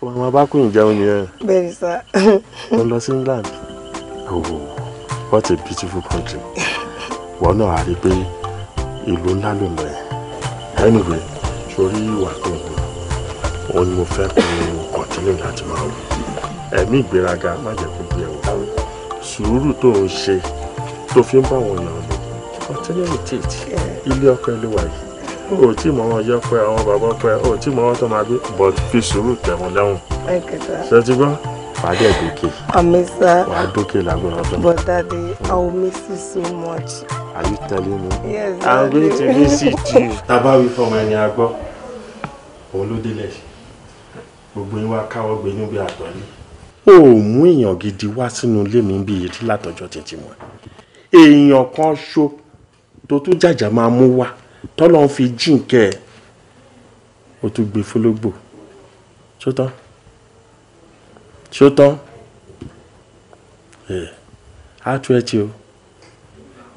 Speaker 3: òun máa bá queen jẹun yẹn. bẹ́ẹ̀ni sá. wọ́n lọ sí England oh what a beautiful country wọ́n náà á rí i pé ìlú ńlá ló lọ yẹn anyway sórí ìwà tó ń lò òun ni mo fẹ́ kó continue láti máa wò ẹ̀mí ìgbéraga má jẹ́ kó gbé ẹ̀wò sùúrù tó ń ṣe tó fi ń bá àwọn èèyàn lò continue with it ilé ọkọ ilé wa yìí o tí mọ wọn yọ pé àwọn bàbá pé o tí mọ wọn tó máa gbé but fi sùúrù tẹ̀wọ̀n lẹ́wọ̀n ṣe ti gbọ́ fàdé dókè
Speaker 4: wà á
Speaker 3: dókè lágbára ọdún. but
Speaker 4: daddy i will miss you so much.
Speaker 3: are you telling me. yes daddy i'm going to visit you. tábàwí fọmọ ẹni agbọ́ òun ló délẹ̀ gbogbo yín wá káwọ́ gbé níbi àtọ́lé. o ò mú èèyàn gidi wá sínú ilé mi bíi èyí látọjọ́ tètè mọ́ èèyàn kan ṣo tó tún jàjà máa mú wá tọ́lọ́ ń fi jíǹkẹ́ ẹ̀ ó tún gbé fólógbò ṣótán ṣótán ẹ̀ á tú ẹ ti o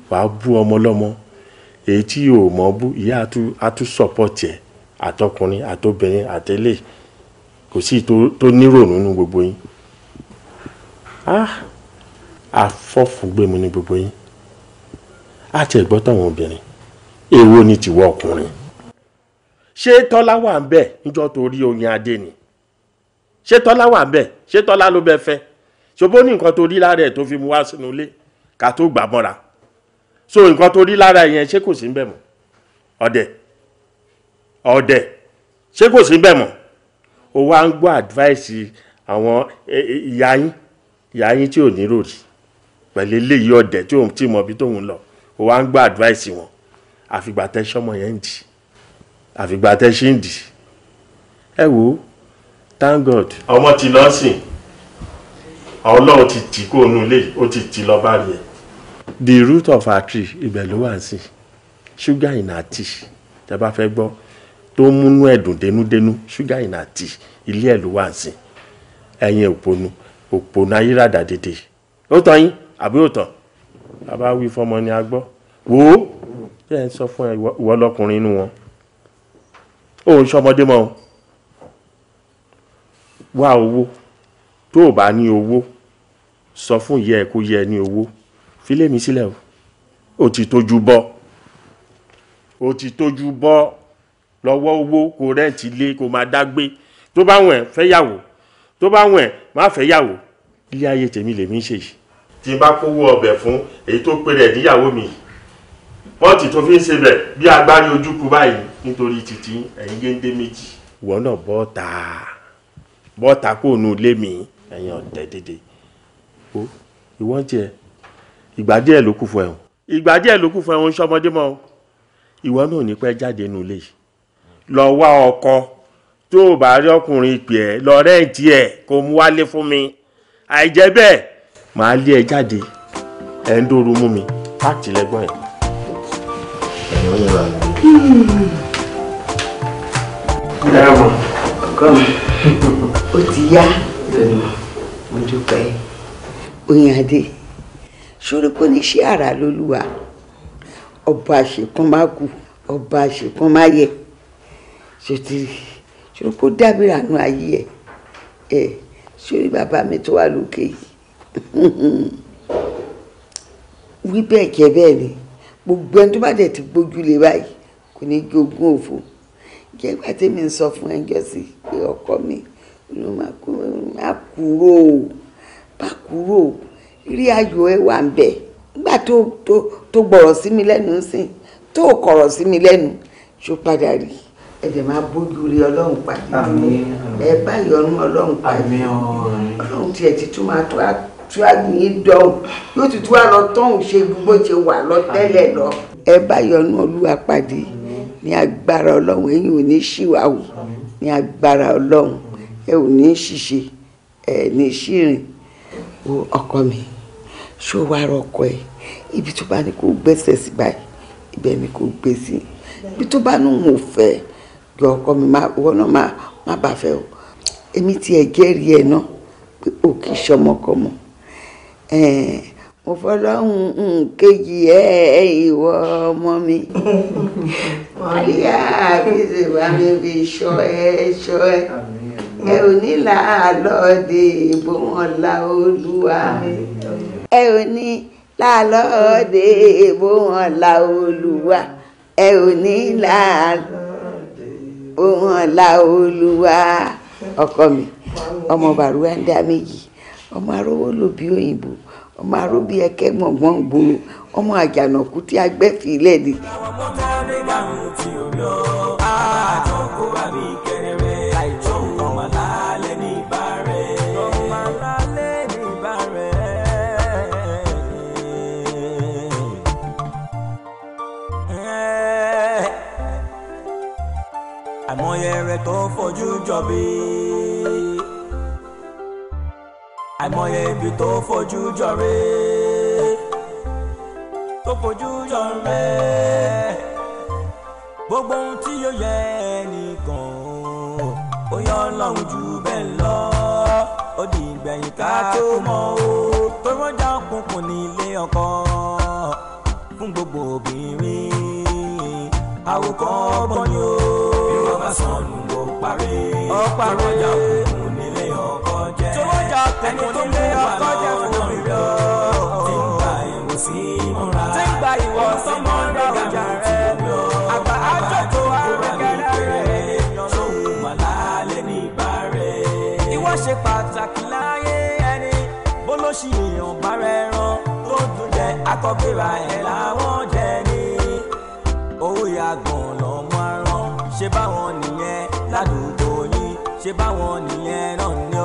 Speaker 3: wàá bú ọmọ lọ́mọ èyí tí yóò mọ̀ bú ìyá àtú sọ̀pọ̀tì ẹ̀ àtọkùnrin àtobìnrin àtẹlẹ́ kò sí tó nírònú nínú gbogbo yín afọ́fùgbẹ́mu ní gbogbo yín àti ẹ̀gbọ́n táwọn obìnrin èwo ni tìwọ ọkùnrin ṣé tọ́lá wà ń bẹ̀ níjọ́ tó rí oyin adé ni ṣé tọ́lá wà ń bẹ̀ ṣé tọ́lá ló bẹ fẹ́ ṣòbó ní nǹkan tó rí lára ẹ̀ tó fi mu wá sínú ilé ká tó gbà mọ́ra so nǹkan tó rí lára yẹn ṣé kò sí ń bẹ̀ mọ́ ọ̀dẹ̀ ọ̀dẹ̀ ṣé kò sí ń bẹ̀ mọ́ o wá ń gbọ́ advice àwọn e, e, ìyá yín ìyá yín tí ò ní rò rí pẹ̀lú eléyìí ọ̀dẹ̀ tí òun ti mọ̀ bí tóun lọ ó wá ń gba advice wọn àfìgbà tẹ́sọ́mọ yẹn ń dì àfìgbà tẹ́sí ń dì ẹ wo thank god. ọmọ ti lọ sìn ọlọ́run ti tì kó onú ilé ó ti tì lọ bá rí ẹ. the root of our tree ibẹ̀ ló wà sí ṣúgà ìnà tì tẹ́ bá fẹ́ gbọ́ tó múnú ẹ̀dùn dénúdénú ṣúgà ìnà tì ilé ẹ̀ ló wà sí ẹ̀yin òponu òponu ayé ràdà dédé ó tán yín àbí ó tán bàbá wí fọmọ ni a gbọ́ wò ó jẹ́ ń sọ fún ẹ ìwọ lọkùnrin inú wọn ó ń ṣọmọdé mọ́ o wá owó tó o bá ní owó sọ fún ìyá ẹ kó yẹ ẹ ní owó fílẹ̀mí sílẹ̀ o ó ti tójú bọ́ ó ti tójú bọ́ lọ́wọ́ owó kò rẹ́ǹtì lé kò máa dágbé tó bá wọ̀n fẹ́yàwó tó bá wọ̀n má fẹ́yàwó ilé ayé tèmi lèmi ń ṣe yìí tí n bá kówó ọbẹ̀ fún èyí tó pé rẹ̀ níyàwó mi pọ́ọ̀tì tó fi ń ṣe bẹ̀ bí agbárí ojúkú báyìí nítorí títí ẹ̀yin géńdé méjì. ìwọ náà bọ́ọ̀tà bọ́ọ̀tà kò nu ilé mi ẹ̀yin ọ̀tẹ̀ dédé o ìwọ jẹ ìgbà díẹ̀ ló kù fún ẹ̀hún. ìgbà díẹ̀ ló kù fún ẹ̀hún sọmọdé mọ́ ìwọ náà ní pẹ́ jáde nu ilé yìí lọ wá ọkọ tó o bá rí ọkùnrin ìpè ẹ lọ rẹ́ǹtì ẹ kó mú wálé fún mi àìjẹ́ bẹ́ẹ̀ màá lé ẹ jáde ẹ ń dóoru mú mi páàkì lẹ́gbọ́n ẹ̀ O ó yẹra rẹ̀. dáàbò ọkọ mi ó ti yá
Speaker 5: mo dúpẹ́ oyinade sórí kò ní ṣe àrà lólúwa ọba àṣekún má kú ọba àṣekún má yẹ sotiri sórí kò dábìrì àánú ayé ẹ ẹ sórí bàbá mi tó wà lókè yìí wí bẹ́ẹ̀ jẹ́ bẹ́ẹ̀ ni gbogbo ẹni tó bá dẹ̀ ti gbójú lé báyìí kò ní gé ogún òfò jẹ́ ìgbà tèmi ń sọ fún ẹjọ́ sí pé ọkọ mi ló máa kúrò bá kúrò rí ayọ̀ ẹ wà ń bẹ̀ nígbà tó tó tó gbọ̀rọ̀ sí mi lẹ́nu sí tó kọ̀rọ̀ sí mi lẹ́nu ṣó padà rí ẹ̀dẹ̀ máa bójú rí ọlọ́run pàdé ẹ báyìí ọ̀run pàdé ọlọ́run tiẹ̀ ti tún máa tó àpò tú àgbìyìn dọ̀hùn yóò ti tú wá lọ tọ́hùn ṣe gbogbo ṣe wà lọ tẹ́lẹ̀ lọ. ẹ bá yọnu olúwa pàdé ní agbára ọlọ́run ẹ̀yin ò ní ṣìwàwù ní agbára ọlọ́run ẹ ò ní ṣìṣe ẹ ní ṣìrìn wo ọkọ mi ṣó wàá rọkọ ẹ ibi tó bá ní kó gbẹ́sẹ̀ sí báyìí ibẹ̀ ni kó gbé sí ibi tó bá nù mò fẹ́ yọ ọkọ mi wọ́n náà má bàa fẹ́ o èmi tiẹ̀ jẹ́rìí ẹ̀ náà pé òkè ṣọmọkọ mo fọlọ́hún nkejì ẹ ìwọ ọmọ mi mọ̀ríyá àbíṣe bá mi fi ṣọ́ ẹ ṣọ́ ẹ ẹ ò ní làálọ́ọ̀dẹ ìbò wọn la olúwa ẹ ò ní làálọ́ọ̀dẹ ìbò wọn la olúwa ẹ ò ní làálọ́ọ̀dẹ ìbò wọn la olúwa ọkọ mi ọmọ bàrúwá ń dá méjì ọmọ arówó lò bí òyìnbó ọmọ aró bí ẹkẹ gbọ̀ngbọ̀n gbòòrò ọmọ àjànàkú tí agbẹ́fì ni.
Speaker 1: àmọ́ yẹrẹ tó fojú jọ bíi àìmọye ibi tó fojú jọre tó fojú jọre gbogbo ohun tí yóò yẹ ẹnìkan ó yọ ọlọ́run jù bẹ́ẹ̀ lọ ó di ìgbẹ̀yìn ká tó mọ̀ o tó rọ́jà òkùnkùn nílé ọkọ fún gbogbo obìnrin àwòkọ́ ọgbọ́n ni bí wọ́n bá sọnù ó parí ó parí ó rọ́jà ẹni tó gbé ọkọ jẹ fún mi lọ. tí ń gba ìwọ sí múra. tí ń gba ìwọ sí múra ọjà rẹ. àgbà àjọkọ àrẹkẹrẹ rẹ. sóhun màlá lè ní ìbárẹ. ìwọ ṣe pàtàkì láyé ẹni bó ló ṣì yàn bá rẹ rán tó dùn jẹ akọgbéra ẹ láwọn jẹ ní. owó yàgàn lọ́mọ aràn ṣe báwọn nìyẹn ládùúgbò yín ṣe báwọn nìyẹn náà ní.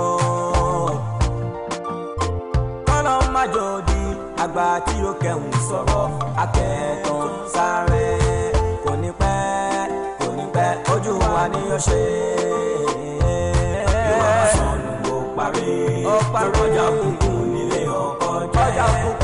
Speaker 1: má jòdì àgbà tí ó kẹ̀hún sọ̀rọ̀ akẹ́tàn sáré kò ní pẹ́ kò ní pẹ́ ojú wa ni yóò ṣe. ìwà sọnù ó parí ọjà kúkú nílé ọkọ̀ jẹ́.